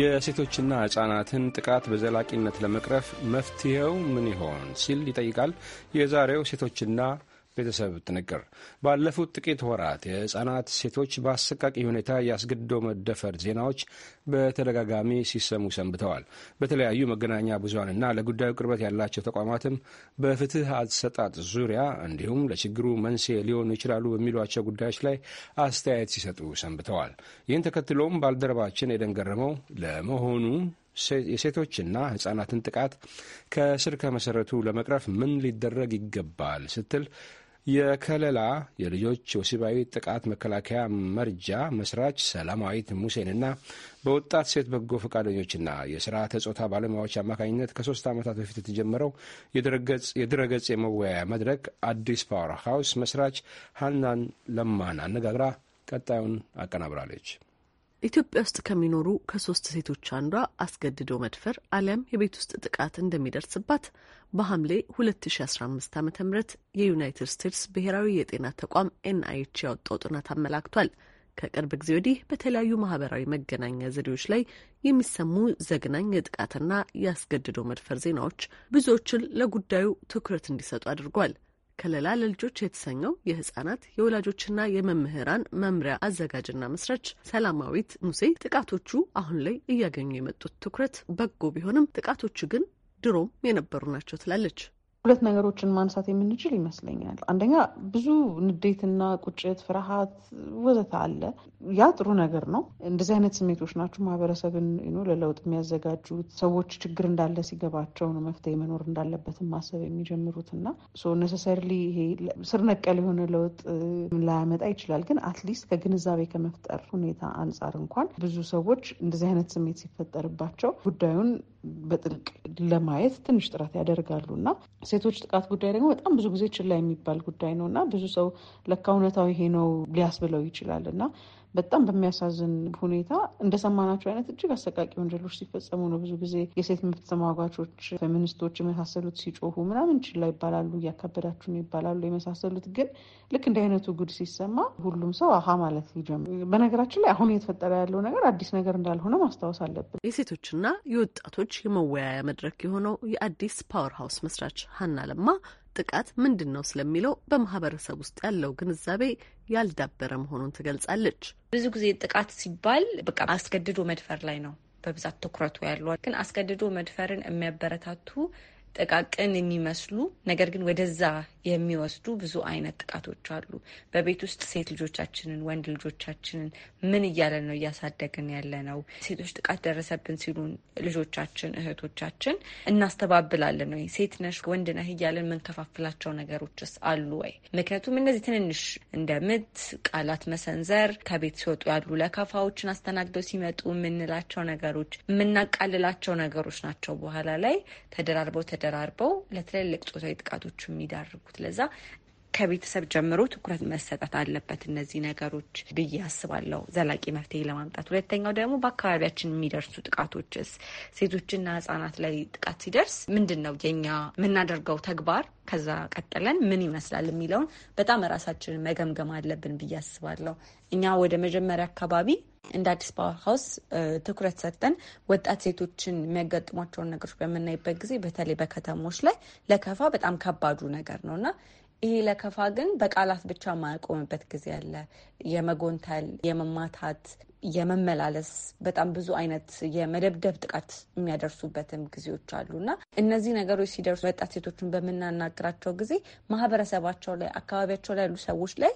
የሴቶችና ሕጻናትን ጥቃት በዘላቂነት ለመቅረፍ መፍትሄው ምን ይሆን ሲል ይጠይቃል የዛሬው ሴቶችና ቤተሰብ ጥንቅር ባለፉት ጥቂት ወራት የህጻናት ሴቶች በአሰቃቂ ሁኔታ የአስገድዶ መደፈር ዜናዎች በተደጋጋሚ ሲሰሙ ሰንብተዋል። በተለያዩ መገናኛ ብዙኃንና ለጉዳዩ ቅርበት ያላቸው ተቋማትም በፍትህ አሰጣጥ ዙሪያ እንዲሁም ለችግሩ መንስኤ ሊሆኑ ይችላሉ በሚሏቸው ጉዳዮች ላይ አስተያየት ሲሰጡ ሰንብተዋል። ይህን ተከትሎም ባልደረባችን የደንገረመው ለመሆኑ የሴቶችና ህጻናትን ጥቃት ከስር ከመሰረቱ ለመቅረፍ ምን ሊደረግ ይገባል ስትል የከለላ የልጆች ወሲባዊ ጥቃት መከላከያ መርጃ መስራች ሰላማዊት ሙሴንና በወጣት ሴት በጎ ፈቃደኞችና የስርዓተ ጾታ ባለሙያዎች አማካኝነት ከሶስት ዓመታት በፊት የተጀመረው የድረገጽ የመወያያ መድረክ አዲስ ፓወር ሃውስ መስራች ሀናን ለማን አነጋግራ ቀጣዩን አቀናብራለች። ኢትዮጵያ ውስጥ ከሚኖሩ ከሶስት ሴቶች አንዷ አስገድዶ መድፈር አሊያም የቤት ውስጥ ጥቃት እንደሚደርስባት በሐምሌ 2015 ዓ ም የዩናይትድ ስቴትስ ብሔራዊ የጤና ተቋም ኤንአይች ያወጣው ጥናት አመላክቷል። ከቅርብ ጊዜ ወዲህ በተለያዩ ማህበራዊ መገናኛ ዘዴዎች ላይ የሚሰሙ ዘግናኝ የጥቃትና የአስገድዶ መድፈር ዜናዎች ብዙዎችን ለጉዳዩ ትኩረት እንዲሰጡ አድርጓል። ከለላ ለልጆች የተሰኘው የህጻናት የወላጆችና የመምህራን መምሪያ አዘጋጅና መስራች ሰላማዊት ሙሴ ጥቃቶቹ አሁን ላይ እያገኙ የመጡት ትኩረት በጎ ቢሆንም ጥቃቶቹ ግን ድሮም የነበሩ ናቸው ትላለች። ሁለት ነገሮችን ማንሳት የምንችል ይመስለኛል። አንደኛ ብዙ ንዴትና ቁጭት፣ ፍርሃት ወዘተ አለ። ያ ጥሩ ነገር ነው። እንደዚህ አይነት ስሜቶች ናቸው ማህበረሰብን ለለውጥ የሚያዘጋጁት። ሰዎች ችግር እንዳለ ሲገባቸው ነው መፍትሄ መኖር እንዳለበትን ማሰብ የሚጀምሩት እና ነሰሰርሊ ይሄ ስር ነቀል የሆነ ለውጥ ላያመጣ ይችላል። ግን አትሊስት ከግንዛቤ ከመፍጠር ሁኔታ አንጻር እንኳን ብዙ ሰዎች እንደዚህ አይነት ስሜት ሲፈጠርባቸው ጉዳዩን በጥልቅ ለማየት ትንሽ ጥረት ያደርጋሉ እና ሴቶች ጥቃት ጉዳይ ደግሞ በጣም ብዙ ጊዜ ችላ የሚባል ጉዳይ ነው እና ብዙ ሰው ለካ እውነታው ይሄ ነው ሊያስብለው ይችላል እና በጣም በሚያሳዝን ሁኔታ እንደሰማናቸው አይነት እጅግ አሰቃቂ ወንጀሎች ሲፈጸሙ ነው ብዙ ጊዜ የሴት መብት ተሟጋቾች፣ ፌሚኒስቶች የመሳሰሉት ሲጮሁ ምናምን ችላ ይባላሉ፣ እያከበዳችሁ ነው ይባላሉ የመሳሰሉት። ግን ልክ እንደ አይነቱ ጉድ ሲሰማ ሁሉም ሰው አሀ ማለት ይጀምር። በነገራችን ላይ አሁን እየተፈጠረ ያለው ነገር አዲስ ነገር እንዳልሆነ ማስታወስ አለብን። የሴቶችና የወጣቶች የመወያያ መድረክ የሆነው የአዲስ ፓወር ሀውስ መስራች ሀና ለማ ጥቃት ምንድን ነው ስለሚለው በማህበረሰብ ውስጥ ያለው ግንዛቤ ያልዳበረ መሆኑን ትገልጻለች። ብዙ ጊዜ ጥቃት ሲባል በቃ አስገድዶ መድፈር ላይ ነው በብዛት ትኩረቱ ያለው። ግን አስገድዶ መድፈርን የሚያበረታቱ ጥቃቅን የሚመስሉ ነገር ግን ወደዛ የሚወስዱ ብዙ አይነት ጥቃቶች አሉ። በቤት ውስጥ ሴት ልጆቻችንን፣ ወንድ ልጆቻችንን ምን እያለን ነው እያሳደግን ያለ ነው? ሴቶች ጥቃት ደረሰብን ሲሉን ልጆቻችን፣ እህቶቻችን እናስተባብላለን ወይ? ሴት ነሽ ወንድ ነህ እያለን የምንከፋፍላቸው ነገሮችስ አሉ ወይ? ምክንያቱም እነዚህ ትንንሽ እንደ ምት፣ ቃላት መሰንዘር፣ ከቤት ሲወጡ ያሉ ለከፋዎችን አስተናግደው ሲመጡ የምንላቸው ነገሮች፣ የምናቃልላቸው ነገሮች ናቸው በኋላ ላይ ተደራርበው ተደራርበው ለትልልቅ ጾታዊ ጥቃቶች የሚዳርጉት ስለዛ ከቤተሰብ ጀምሮ ትኩረት መሰጠት አለበት እነዚህ ነገሮች ብዬ አስባለሁ፣ ዘላቂ መፍትሄ ለማምጣት። ሁለተኛው ደግሞ በአካባቢያችን የሚደርሱ ጥቃቶችስ ሴቶችና ሕጻናት ላይ ጥቃት ሲደርስ ምንድን ነው የኛ የምናደርገው ተግባር፣ ከዛ ቀጥለን ምን ይመስላል የሚለውን በጣም ራሳችንን መገምገም አለብን ብዬ አስባለሁ። እኛ ወደ መጀመሪያ አካባቢ እንደ አዲስ ፓወር ሀውስ ትኩረት ሰጥተን ወጣት ሴቶችን የሚያጋጥሟቸውን ነገሮች በምናይበት ጊዜ በተለይ በከተሞች ላይ ለከፋ በጣም ከባዱ ነገር ነው እና ይሄ ለከፋ ግን በቃላት ብቻ የማያቆምበት ጊዜ አለ። የመጎንተል፣ የመማታት፣ የመመላለስ በጣም ብዙ አይነት የመደብደብ ጥቃት የሚያደርሱበትም ጊዜዎች አሉ እና እነዚህ ነገሮች ሲደርሱ ወጣት ሴቶችን በምናናግራቸው ጊዜ ማህበረሰባቸው ላይ አካባቢያቸው ላይ ያሉ ሰዎች ላይ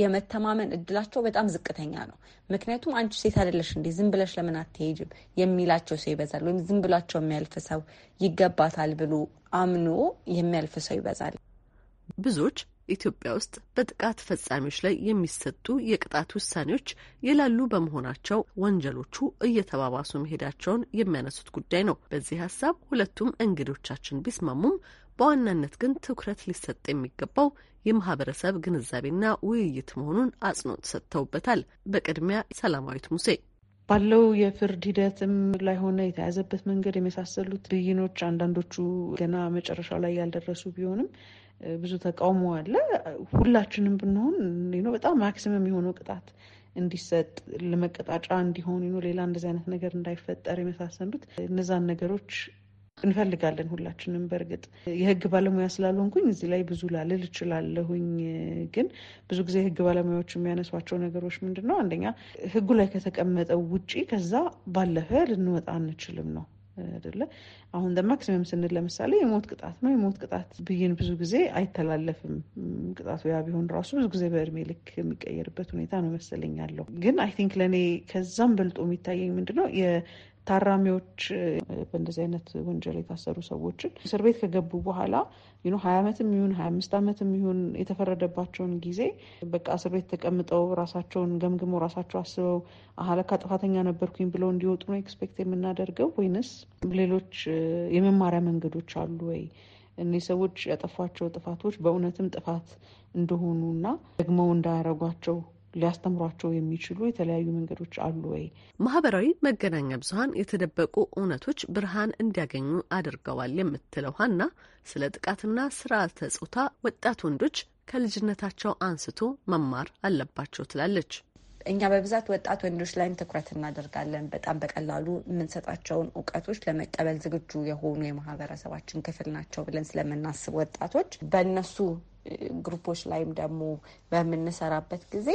የመተማመን እድላቸው በጣም ዝቅተኛ ነው። ምክንያቱም አንቺ ሴት አይደለሽ እንዴ ዝም ብለሽ ለምን አትሄጅም የሚላቸው ሰው ይበዛል፣ ወይም ዝም ብሏቸው የሚያልፍ ሰው ይገባታል ብሎ አምኖ የሚያልፍ ሰው ይበዛል። ብዙዎች ኢትዮጵያ ውስጥ በጥቃት ፈጻሚዎች ላይ የሚሰጡ የቅጣት ውሳኔዎች የላሉ በመሆናቸው ወንጀሎቹ እየተባባሱ መሄዳቸውን የሚያነሱት ጉዳይ ነው። በዚህ ሀሳብ ሁለቱም እንግዶቻችን ቢስማሙም በዋናነት ግን ትኩረት ሊሰጥ የሚገባው የማህበረሰብ ግንዛቤና ውይይት መሆኑን አጽንኦት ሰጥተውበታል። በቅድሚያ ሰላማዊት ሙሴ ባለው የፍርድ ሂደትም ላይ ሆነ የተያዘበት መንገድ የመሳሰሉት ብይኖች አንዳንዶቹ ገና መጨረሻው ላይ ያልደረሱ ቢሆንም ብዙ ተቃውሞ አለ። ሁላችንም ብንሆን በጣም ማክሲመም የሆነው ቅጣት እንዲሰጥ ለመቀጣጫ እንዲሆን ሌላ እንደዚህ አይነት ነገር እንዳይፈጠር የመሳሰሉት እነዛን ነገሮች እንፈልጋለን ሁላችንም። በእርግጥ የህግ ባለሙያ ስላልሆንኩኝ እዚህ ላይ ብዙ ላልል እችላለሁኝ። ግን ብዙ ጊዜ የህግ ባለሙያዎች የሚያነሷቸው ነገሮች ምንድን ነው? አንደኛ ህጉ ላይ ከተቀመጠው ውጪ ከዛ ባለፈ ልንወጣ አንችልም ነው አይደለ አሁን ማክሲመም ስንል ለምሳሌ የሞት ቅጣት ነው። የሞት ቅጣት ብይን ብዙ ጊዜ አይተላለፍም። ቅጣቱ ያ ቢሆን ራሱ ብዙ ጊዜ በእድሜ ልክ የሚቀየርበት ሁኔታ ነው መሰለኝ ያለው። ግን አይ ቲንክ ለእኔ ከዛም በልጦ የሚታየኝ ምንድነው ታራሚዎች በእንደዚህ አይነት ወንጀል የታሰሩ ሰዎችን እስር ቤት ከገቡ በኋላ ዩ ሀያ ዓመትም ይሁን ሀያ አምስት ዓመትም ይሁን የተፈረደባቸውን ጊዜ በቃ እስር ቤት ተቀምጠው ራሳቸውን ገምግመው ራሳቸው አስበው አለካ ጥፋተኛ ነበርኩኝ ብለው እንዲወጡ ነው ኤክስፔክት የምናደርገው ወይንስ ሌሎች የመማሪያ መንገዶች አሉ ወይ? እኔ ሰዎች ያጠፏቸው ጥፋቶች በእውነትም ጥፋት እንደሆኑና ደግመው እንዳያረጓቸው ሊያስተምሯቸው የሚችሉ የተለያዩ መንገዶች አሉ ወይ? ማህበራዊ መገናኛ ብዙሀን የተደበቁ እውነቶች ብርሃን እንዲያገኙ አድርገዋል የምትለው ሀና ስለ ጥቃትና ስርዓተ ጾታ ወጣት ወንዶች ከልጅነታቸው አንስቶ መማር አለባቸው ትላለች። እኛ በብዛት ወጣት ወንዶች ላይም ትኩረት እናደርጋለን። በጣም በቀላሉ የምንሰጣቸውን እውቀቶች ለመቀበል ዝግጁ የሆኑ የማህበረሰባችን ክፍል ናቸው ብለን ስለምናስብ ወጣቶች በእነሱ ግሩፖች ላይም ደግሞ በምንሰራበት ጊዜ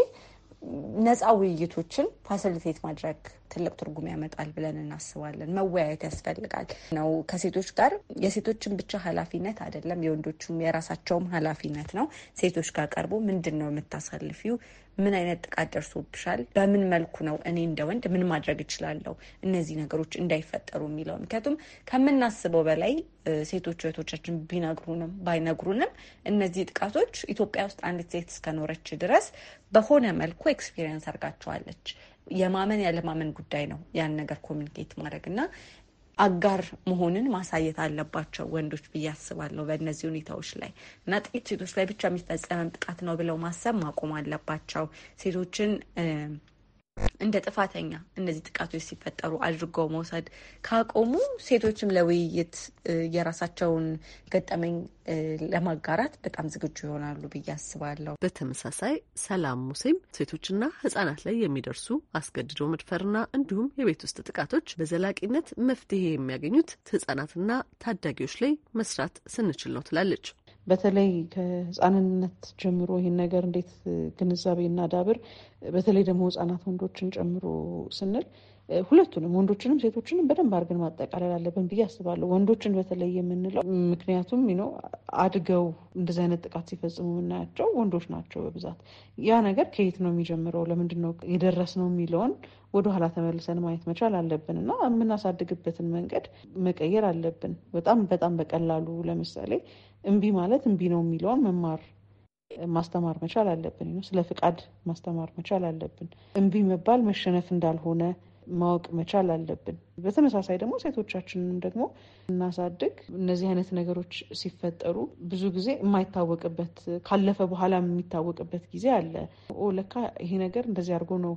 ነፃ ውይይቶችን ፋሲሊቴት ማድረግ ትልቅ ትርጉም ያመጣል ብለን እናስባለን። መወያየት ያስፈልጋል ነው ከሴቶች ጋር የሴቶችን ብቻ ኃላፊነት አይደለም፣ የወንዶቹም የራሳቸውም ኃላፊነት ነው። ሴቶች ጋር ቀርቦ ምንድን ነው የምታሳልፊው? ምን አይነት ጥቃት ደርሶብሻል? በምን መልኩ ነው እኔ እንደ ወንድ ምን ማድረግ እችላለሁ? እነዚህ ነገሮች እንዳይፈጠሩ የሚለው ምክንያቱም ከምናስበው በላይ ሴቶች እህቶቻችን ቢነግሩንም ባይነግሩንም እነዚህ ጥቃቶች ኢትዮጵያ ውስጥ አንዲት ሴት እስከኖረች ድረስ በሆነ መልኩ ኤክስፒሪየንስ አርጋቸዋለች። የማመን ያለማመን ጉዳይ ነው። ያን ነገር ኮሚኒኬት ማድረግ እና አጋር መሆንን ማሳየት አለባቸው ወንዶች ብዬ አስባለሁ። በእነዚህ ሁኔታዎች ላይ እና ጥቂት ሴቶች ላይ ብቻ የሚፈጸመን ጥቃት ነው ብለው ማሰብ ማቆም አለባቸው። ሴቶችን እንደ ጥፋተኛ እነዚህ ጥቃቶች ሲፈጠሩ አድርጎ መውሰድ ካቆሙ ሴቶችም ለውይይት የራሳቸውን ገጠመኝ ለማጋራት በጣም ዝግጁ ይሆናሉ ብዬ አስባለሁ። በተመሳሳይ ሰላም ሙሴም ሴቶችና ሕጻናት ላይ የሚደርሱ አስገድዶ መድፈርና እንዲሁም የቤት ውስጥ ጥቃቶች በዘላቂነት መፍትሄ የሚያገኙት ሕጻናትና ታዳጊዎች ላይ መስራት ስንችል ነው ትላለች። በተለይ ከህፃንነት ጀምሮ ይህን ነገር እንዴት ግንዛቤ እናዳብር፣ በተለይ ደግሞ ህፃናት ወንዶችን ጨምሮ ስንል ሁለቱንም ወንዶችንም ሴቶችንም በደንብ አድርገን ማጠቃለል አለብን ብዬ አስባለሁ። ወንዶችን በተለይ የምንለው ምክንያቱም ነው አድገው እንደዚህ አይነት ጥቃት ሲፈጽሙ የምናያቸው ወንዶች ናቸው በብዛት። ያ ነገር ከየት ነው የሚጀምረው? ለምንድን ነው የደረስ ነው የሚለውን ወደ ኋላ ተመልሰን ማየት መቻል አለብን እና የምናሳድግበትን መንገድ መቀየር አለብን። በጣም በጣም በቀላሉ ለምሳሌ እምቢ ማለት እምቢ ነው የሚለውን መማር ማስተማር መቻል አለብን። ስለ ፍቃድ ማስተማር መቻል አለብን። እምቢ መባል መሸነፍ እንዳልሆነ ማወቅ መቻል አለብን። በተመሳሳይ ደግሞ ሴቶቻችንን ደግሞ እናሳድግ። እነዚህ አይነት ነገሮች ሲፈጠሩ ብዙ ጊዜ የማይታወቅበት ካለፈ በኋላ የሚታወቅበት ጊዜ አለ። ለካ ይሄ ነገር እንደዚህ አድርጎ ነው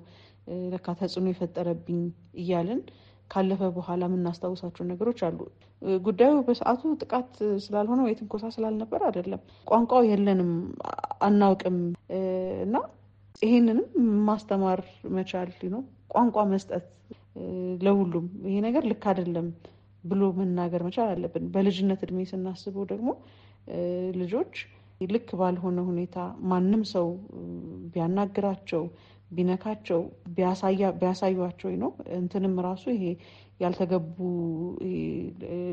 ለካ ተጽዕኖ የፈጠረብኝ እያልን ካለፈ በኋላ የምናስታውሳቸው ነገሮች አሉ። ጉዳዩ በሰዓቱ ጥቃት ስላልሆነ ወይ ትንኮሳ ስላልነበር አይደለም። ቋንቋው የለንም፣ አናውቅም እና ይሄንንም ማስተማር መቻል ነው። ቋንቋ መስጠት ለሁሉም ይሄ ነገር ልክ አይደለም ብሎ መናገር መቻል አለብን። በልጅነት እድሜ ስናስበው ደግሞ ልጆች ልክ ባልሆነ ሁኔታ ማንም ሰው ቢያናግራቸው ቢነካቸው ቢያሳዩቸው ነው እንትንም ራሱ ይሄ ያልተገቡ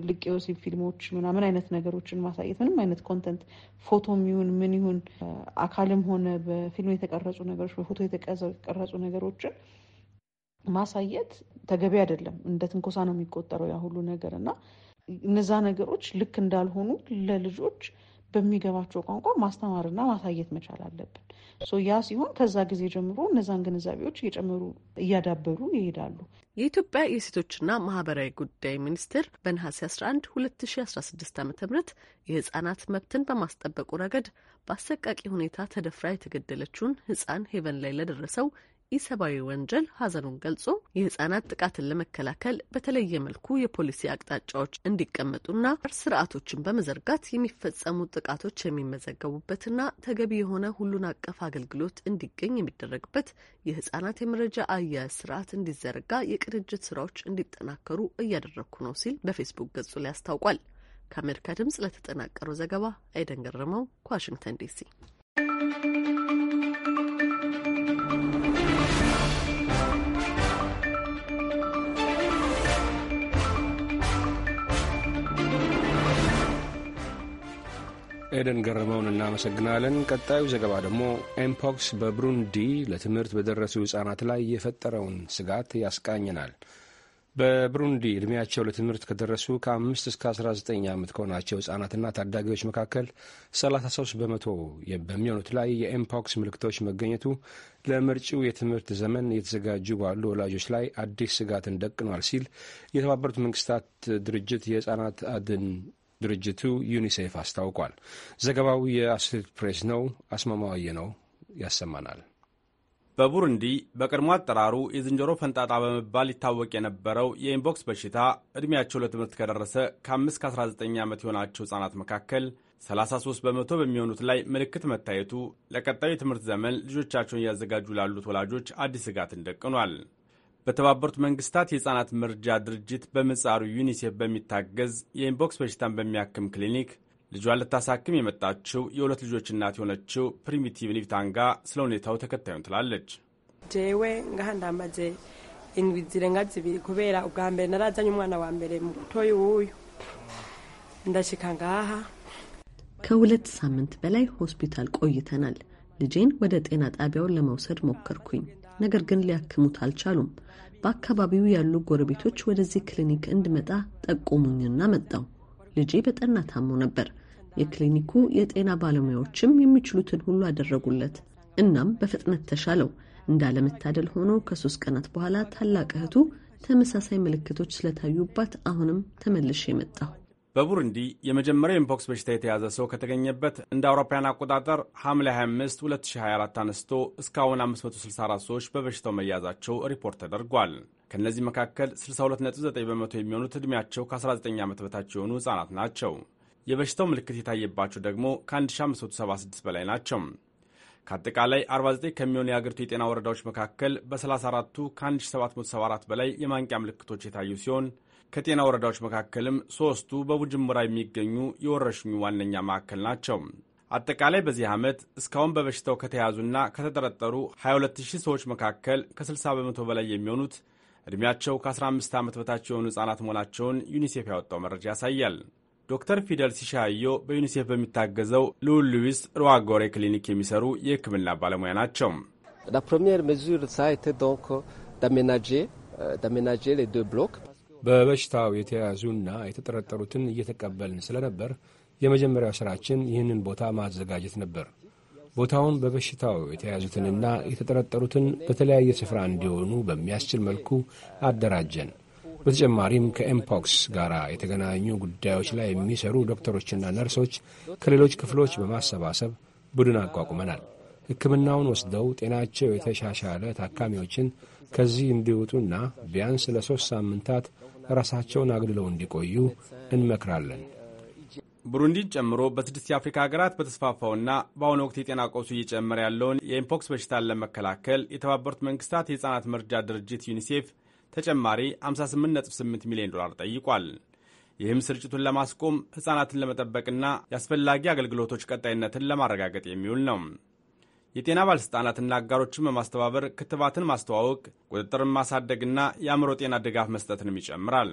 ልቅ የወሲብ ፊልሞች ምናምን አይነት ነገሮችን ማሳየት ምንም አይነት ኮንተንት ፎቶም ይሁን ምን ይሁን አካልም ሆነ በፊልም የተቀረጹ ነገሮች በፎቶ የተቀረጹ ነገሮችን ማሳየት ተገቢ አይደለም። እንደ ትንኮሳ ነው የሚቆጠረው ያ ሁሉ ነገር እና እነዛ ነገሮች ልክ እንዳልሆኑ ለልጆች በሚገባቸው ቋንቋ ማስተማርና ማሳየት መቻል አለብን። ያ ሲሆን ከዛ ጊዜ ጀምሮ እነዛን ግንዛቤዎች እየጨመሩ እያዳበሩ ይሄዳሉ። የኢትዮጵያ የሴቶችና ማህበራዊ ጉዳይ ሚኒስቴር በነሐሴ 11 2016 ዓ ም የህጻናት መብትን በማስጠበቁ ረገድ በአሰቃቂ ሁኔታ ተደፍራ የተገደለችውን ህጻን ሄቨን ላይ ለደረሰው ኢሰብአዊ ወንጀል ሀዘኑን ገልጾ የህጻናት ጥቃትን ለመከላከል በተለየ መልኩ የፖሊሲ አቅጣጫዎች እንዲቀመጡና ስርዓቶችን በመዘርጋት የሚፈጸሙ ጥቃቶች የሚመዘገቡበትና ተገቢ የሆነ ሁሉን አቀፍ አገልግሎት እንዲገኝ የሚደረግበት የህጻናት የመረጃ አያያዝ ስርዓት እንዲዘረጋ የቅንጅት ስራዎች እንዲጠናከሩ እያደረግኩ ነው ሲል በፌስቡክ ገጹ ላይ አስታውቋል። ከአሜሪካ ድምጽ ለተጠናቀረው ዘገባ አይደን ገረመው ከዋሽንግተን ዲሲ ኤደን ገረመውን እናመሰግናለን። ቀጣዩ ዘገባ ደግሞ ኤምፖክስ በብሩንዲ ለትምህርት በደረሱ ሕፃናት ላይ የፈጠረውን ስጋት ያስቃኝናል። በብሩንዲ ዕድሜያቸው ለትምህርት ከደረሱ ከ5 እስከ 19 ዓመት ከሆናቸው ሕፃናትና ታዳጊዎች መካከል 33 በመቶ በሚሆኑት ላይ የኤምፖክስ ምልክቶች መገኘቱ ለመጪው የትምህርት ዘመን የተዘጋጁ ባሉ ወላጆች ላይ አዲስ ስጋትን ደቅኗል ሲል የተባበሩት መንግስታት ድርጅት የሕፃናት አድን ድርጅቱ ዩኒሴፍ አስታውቋል። ዘገባው የአሶሴትድ ፕሬስ ነው። አስማማዋየ ነው ያሰማናል። በቡሩንዲ በቀድሞ አጠራሩ የዝንጀሮ ፈንጣጣ በመባል ይታወቅ የነበረው የኢምቦክስ በሽታ ዕድሜያቸው ለትምህርት ከደረሰ ከ5 19 ዓመት የሆናቸው ሕፃናት መካከል 33 በመቶ በሚሆኑት ላይ ምልክት መታየቱ ለቀጣዩ የትምህርት ዘመን ልጆቻቸውን እያዘጋጁ ላሉት ወላጆች አዲስ ስጋትን ደቅኗል። በተባበሩት መንግስታት የህፃናት መርጃ ድርጅት በምጻሩ ዩኒሴፍ በሚታገዝ የኢንቦክስ በሽታን በሚያክም ክሊኒክ ልጇን ልታሳክም የመጣችው የሁለት ልጆች እናት የሆነችው ፕሪሚቲቭ ኒቪታንጋ ስለ ሁኔታው ተከታዩን ትላለች። ጄዌ ንጋሃንዳማጄ ኢንዚረንጋ ዚቢሪ ኩቤራ ኡጋምቤ ነራዛኝ ሟና ዋምቤሬ ሙቶይ ውዩ እንዳሽካንጋሃ ከሁለት ሳምንት በላይ ሆስፒታል ቆይተናል። ልጄን ወደ ጤና ጣቢያውን ለመውሰድ ሞከርኩኝ። ነገር ግን ሊያክሙት አልቻሉም። በአካባቢው ያሉ ጎረቤቶች ወደዚህ ክሊኒክ እንድመጣ ጠቆሙኝና መጣው። ልጄ በጠና ታሞ ነበር። የክሊኒኩ የጤና ባለሙያዎችም የሚችሉትን ሁሉ አደረጉለት። እናም በፍጥነት ተሻለው። እንዳለመታደል ሆኖ ከሶስት ቀናት በኋላ ታላቅ እህቱ ተመሳሳይ ምልክቶች ስለታዩባት አሁንም ተመልሼ መጣሁ። በቡሩንዲ የመጀመሪያው ኢምፖክስ በሽታ የተያዘ ሰው ከተገኘበት እንደ አውሮፓውያን አቆጣጠር ሐምሌ 25 2024 አንስቶ እስካሁን 564 ሰዎች በበሽታው መያዛቸው ሪፖርት ተደርጓል። ከእነዚህ መካከል 629 በመቶ የሚሆኑት ዕድሜያቸው ከ19 ዓመት በታች የሆኑ ሕፃናት ናቸው። የበሽታው ምልክት የታየባቸው ደግሞ ከ1576 በላይ ናቸው። ከአጠቃላይ 49 ከሚሆኑ የአገሪቱ የጤና ወረዳዎች መካከል በ34ቱ ከ1774 በላይ የማንቂያ ምልክቶች የታዩ ሲሆን ከጤና ወረዳዎች መካከልም ሶስቱ በቡጅምራ የሚገኙ የወረርሽኙ ዋነኛ ማዕከል ናቸው። አጠቃላይ በዚህ ዓመት እስካሁን በበሽታው ከተያዙና ከተጠረጠሩ 220 ሰዎች መካከል ከ60 በመቶ በላይ የሚሆኑት ዕድሜያቸው ከ15 ዓመት በታች የሆኑ ሕፃናት መሆናቸውን ዩኒሴፍ ያወጣው መረጃ ያሳያል። ዶክተር ፊደል ሲሻዮ በዩኒሴፍ በሚታገዘው ልውል ሉዊስ ሩዋጎሬ ክሊኒክ የሚሰሩ የሕክምና ባለሙያ ናቸው። ላ ፕሮሚየር ሜዙር ሳ ቴ ዶንክ ዳሜናጄ ዳሜናጄ ሌ ዶ ብሎክ በበሽታው የተያዙና የተጠረጠሩትን እየተቀበልን ስለነበር የመጀመሪያው ሥራችን ይህንን ቦታ ማዘጋጀት ነበር። ቦታውን በበሽታው የተያዙትንና የተጠረጠሩትን በተለያየ ስፍራ እንዲሆኑ በሚያስችል መልኩ አደራጀን። በተጨማሪም ከኤምፖክስ ጋር የተገናኙ ጉዳዮች ላይ የሚሰሩ ዶክተሮችና ነርሶች ከሌሎች ክፍሎች በማሰባሰብ ቡድን አቋቁመናል። ሕክምናውን ወስደው ጤናቸው የተሻሻለ ታካሚዎችን ከዚህ እንዲወጡና ቢያንስ ለሦስት ሳምንታት ራሳቸውን አግድለው እንዲቆዩ እንመክራለን። ቡሩንዲን ጨምሮ በስድስት የአፍሪካ ሀገራት በተስፋፋውና በአሁኑ ወቅት የጤና ቆሱ እየጨመረ ያለውን የኢምፖክስ በሽታን ለመከላከል የተባበሩት መንግስታት የሕፃናት መርጃ ድርጅት ዩኒሴፍ ተጨማሪ 588 ሚሊዮን ዶላር ጠይቋል። ይህም ስርጭቱን ለማስቆም ሕፃናትን ለመጠበቅና የአስፈላጊ አገልግሎቶች ቀጣይነትን ለማረጋገጥ የሚውል ነው። የጤና ባለሥልጣናትና አጋሮችን በማስተባበር ክትባትን ማስተዋወቅ፣ ቁጥጥርን ማሳደግና የአእምሮ ጤና ድጋፍ መስጠትንም ይጨምራል።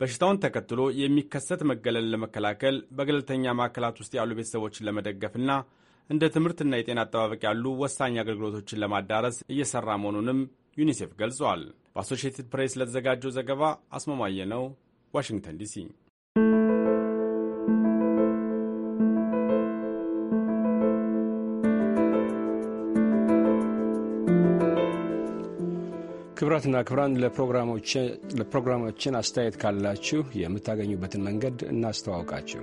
በሽታውን ተከትሎ የሚከሰት መገለልን ለመከላከል በገለልተኛ ማዕከላት ውስጥ ያሉ ቤተሰቦችን ለመደገፍና እንደ ትምህርትና የጤና አጠባበቅ ያሉ ወሳኝ አገልግሎቶችን ለማዳረስ እየሰራ መሆኑንም ዩኒሴፍ ገልጿል። በአሶሽየትድ ፕሬስ ለተዘጋጀው ዘገባ አስማማየ ነው፣ ዋሽንግተን ዲሲ ክቡራትና ክቡራን ለፕሮግራማችን አስተያየት ካላችሁ የምታገኙበትን መንገድ እናስተዋውቃችሁ።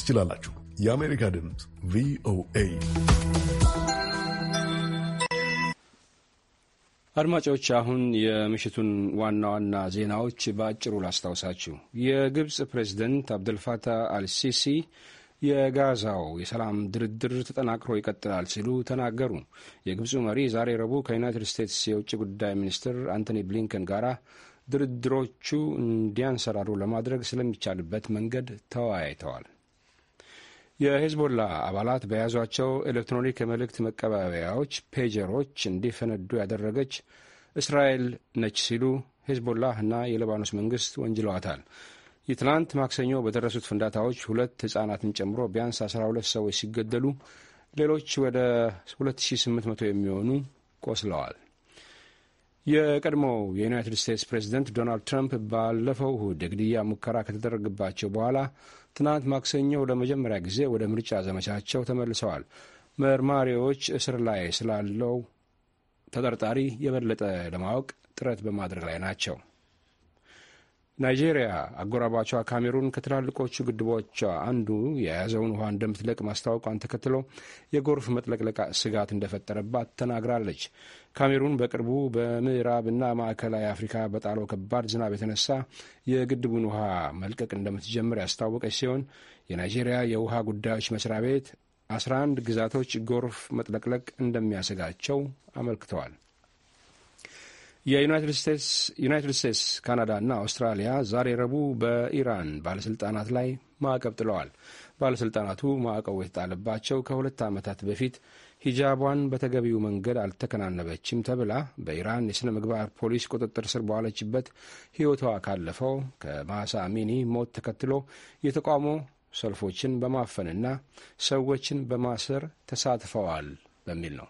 ትችላላችሁ። የአሜሪካ ድምፅ ቪኦኤ አድማጮች፣ አሁን የምሽቱን ዋና ዋና ዜናዎች በአጭሩ ላስታውሳችሁ። የግብፅ ፕሬዚደንት አብደልፋታህ አልሲሲ የጋዛው የሰላም ድርድር ተጠናክሮ ይቀጥላል ሲሉ ተናገሩ። የግብፁ መሪ ዛሬ ረቡዕ ከዩናይትድ ስቴትስ የውጭ ጉዳይ ሚኒስትር አንቶኒ ብሊንከን ጋር ድርድሮቹ እንዲያንሰራሩ ለማድረግ ስለሚቻልበት መንገድ ተወያይተዋል። የሄዝቦላ አባላት በያዟቸው ኤሌክትሮኒክ የመልእክት መቀባበያዎች ፔጀሮች እንዲፈነዱ ያደረገች እስራኤል ነች ሲሉ ሄዝቦላህ እና የሊባኖስ መንግስት ወንጅለዋታል። የትላንት ማክሰኞ በደረሱት ፍንዳታዎች ሁለት ህጻናትን ጨምሮ ቢያንስ 12 ሰዎች ሲገደሉ ሌሎች ወደ 2800 የሚሆኑ ቆስለዋል። የቀድሞው የዩናይትድ ስቴትስ ፕሬዚደንት ዶናልድ ትራምፕ ባለፈው እሁድ የግድያ ሙከራ ከተደረገባቸው በኋላ ትናንት ማክሰኞ ለመጀመሪያ ጊዜ ወደ ምርጫ ዘመቻቸው ተመልሰዋል። መርማሪዎች እስር ላይ ስላለው ተጠርጣሪ የበለጠ ለማወቅ ጥረት በማድረግ ላይ ናቸው። ናይጄሪያ አጎራባቿ ካሜሩን ከትላልቆቹ ግድቦቿ አንዱ የያዘውን ውሃ እንደምትለቅ ማስታወቋን ተከትሎ የጎርፍ መጥለቅለቃ ስጋት እንደፈጠረባት ተናግራለች። ካሜሩን በቅርቡ በምዕራብና ማዕከላዊ አፍሪካ በጣለው ከባድ ዝናብ የተነሳ የግድቡን ውሃ መልቀቅ እንደምትጀምር ያስታወቀች ሲሆን የናይጄሪያ የውሃ ጉዳዮች መስሪያ ቤት 11 ግዛቶች ጎርፍ መጥለቅለቅ እንደሚያሰጋቸው አመልክተዋል። የዩናይትድ ስቴትስ፣ ካናዳ እና አውስትራሊያ ዛሬ ረቡዕ በኢራን ባለሥልጣናት ላይ ማዕቀብ ጥለዋል። ባለሥልጣናቱ ማዕቀቡ የተጣለባቸው ከሁለት ዓመታት በፊት ሂጃቧን በተገቢው መንገድ አልተከናነበችም ተብላ በኢራን የሥነ ምግባር ፖሊስ ቁጥጥር ስር በዋለችበት ሕይወቷ ካለፈው ከማሳ አሚኒ ሞት ተከትሎ የተቃውሞ ሰልፎችን በማፈንና ሰዎችን በማሰር ተሳትፈዋል በሚል ነው።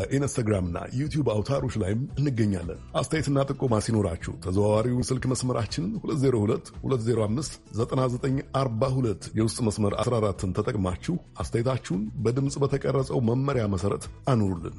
በኢንስታግራምና ዩቲዩብ አውታሮች ላይም እንገኛለን። አስተያየትና ጥቆማ ሲኖራችሁ ተዘዋዋሪው ስልክ መስመራችን 2022059942 የውስጥ መስመር 14ን ተጠቅማችሁ አስተያየታችሁን በድምፅ በተቀረጸው መመሪያ መሰረት አኑሩልን።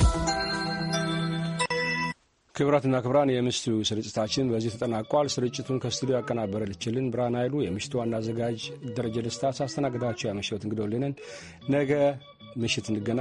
ክብራትና ክብራን የምሽቱ ስርጭታችን በዚህ ተጠናቋል። ስርጭቱን ከስቱዲዮ ያቀናበረችልን ብርሃን ኃይሉ፣ የምሽቱ ዋና አዘጋጅ ደረጀ ደስታ፣ ሳስተናግዳቸው ያመሸሁት እንግዶልንን ነገ ምሽት እንገናኝ።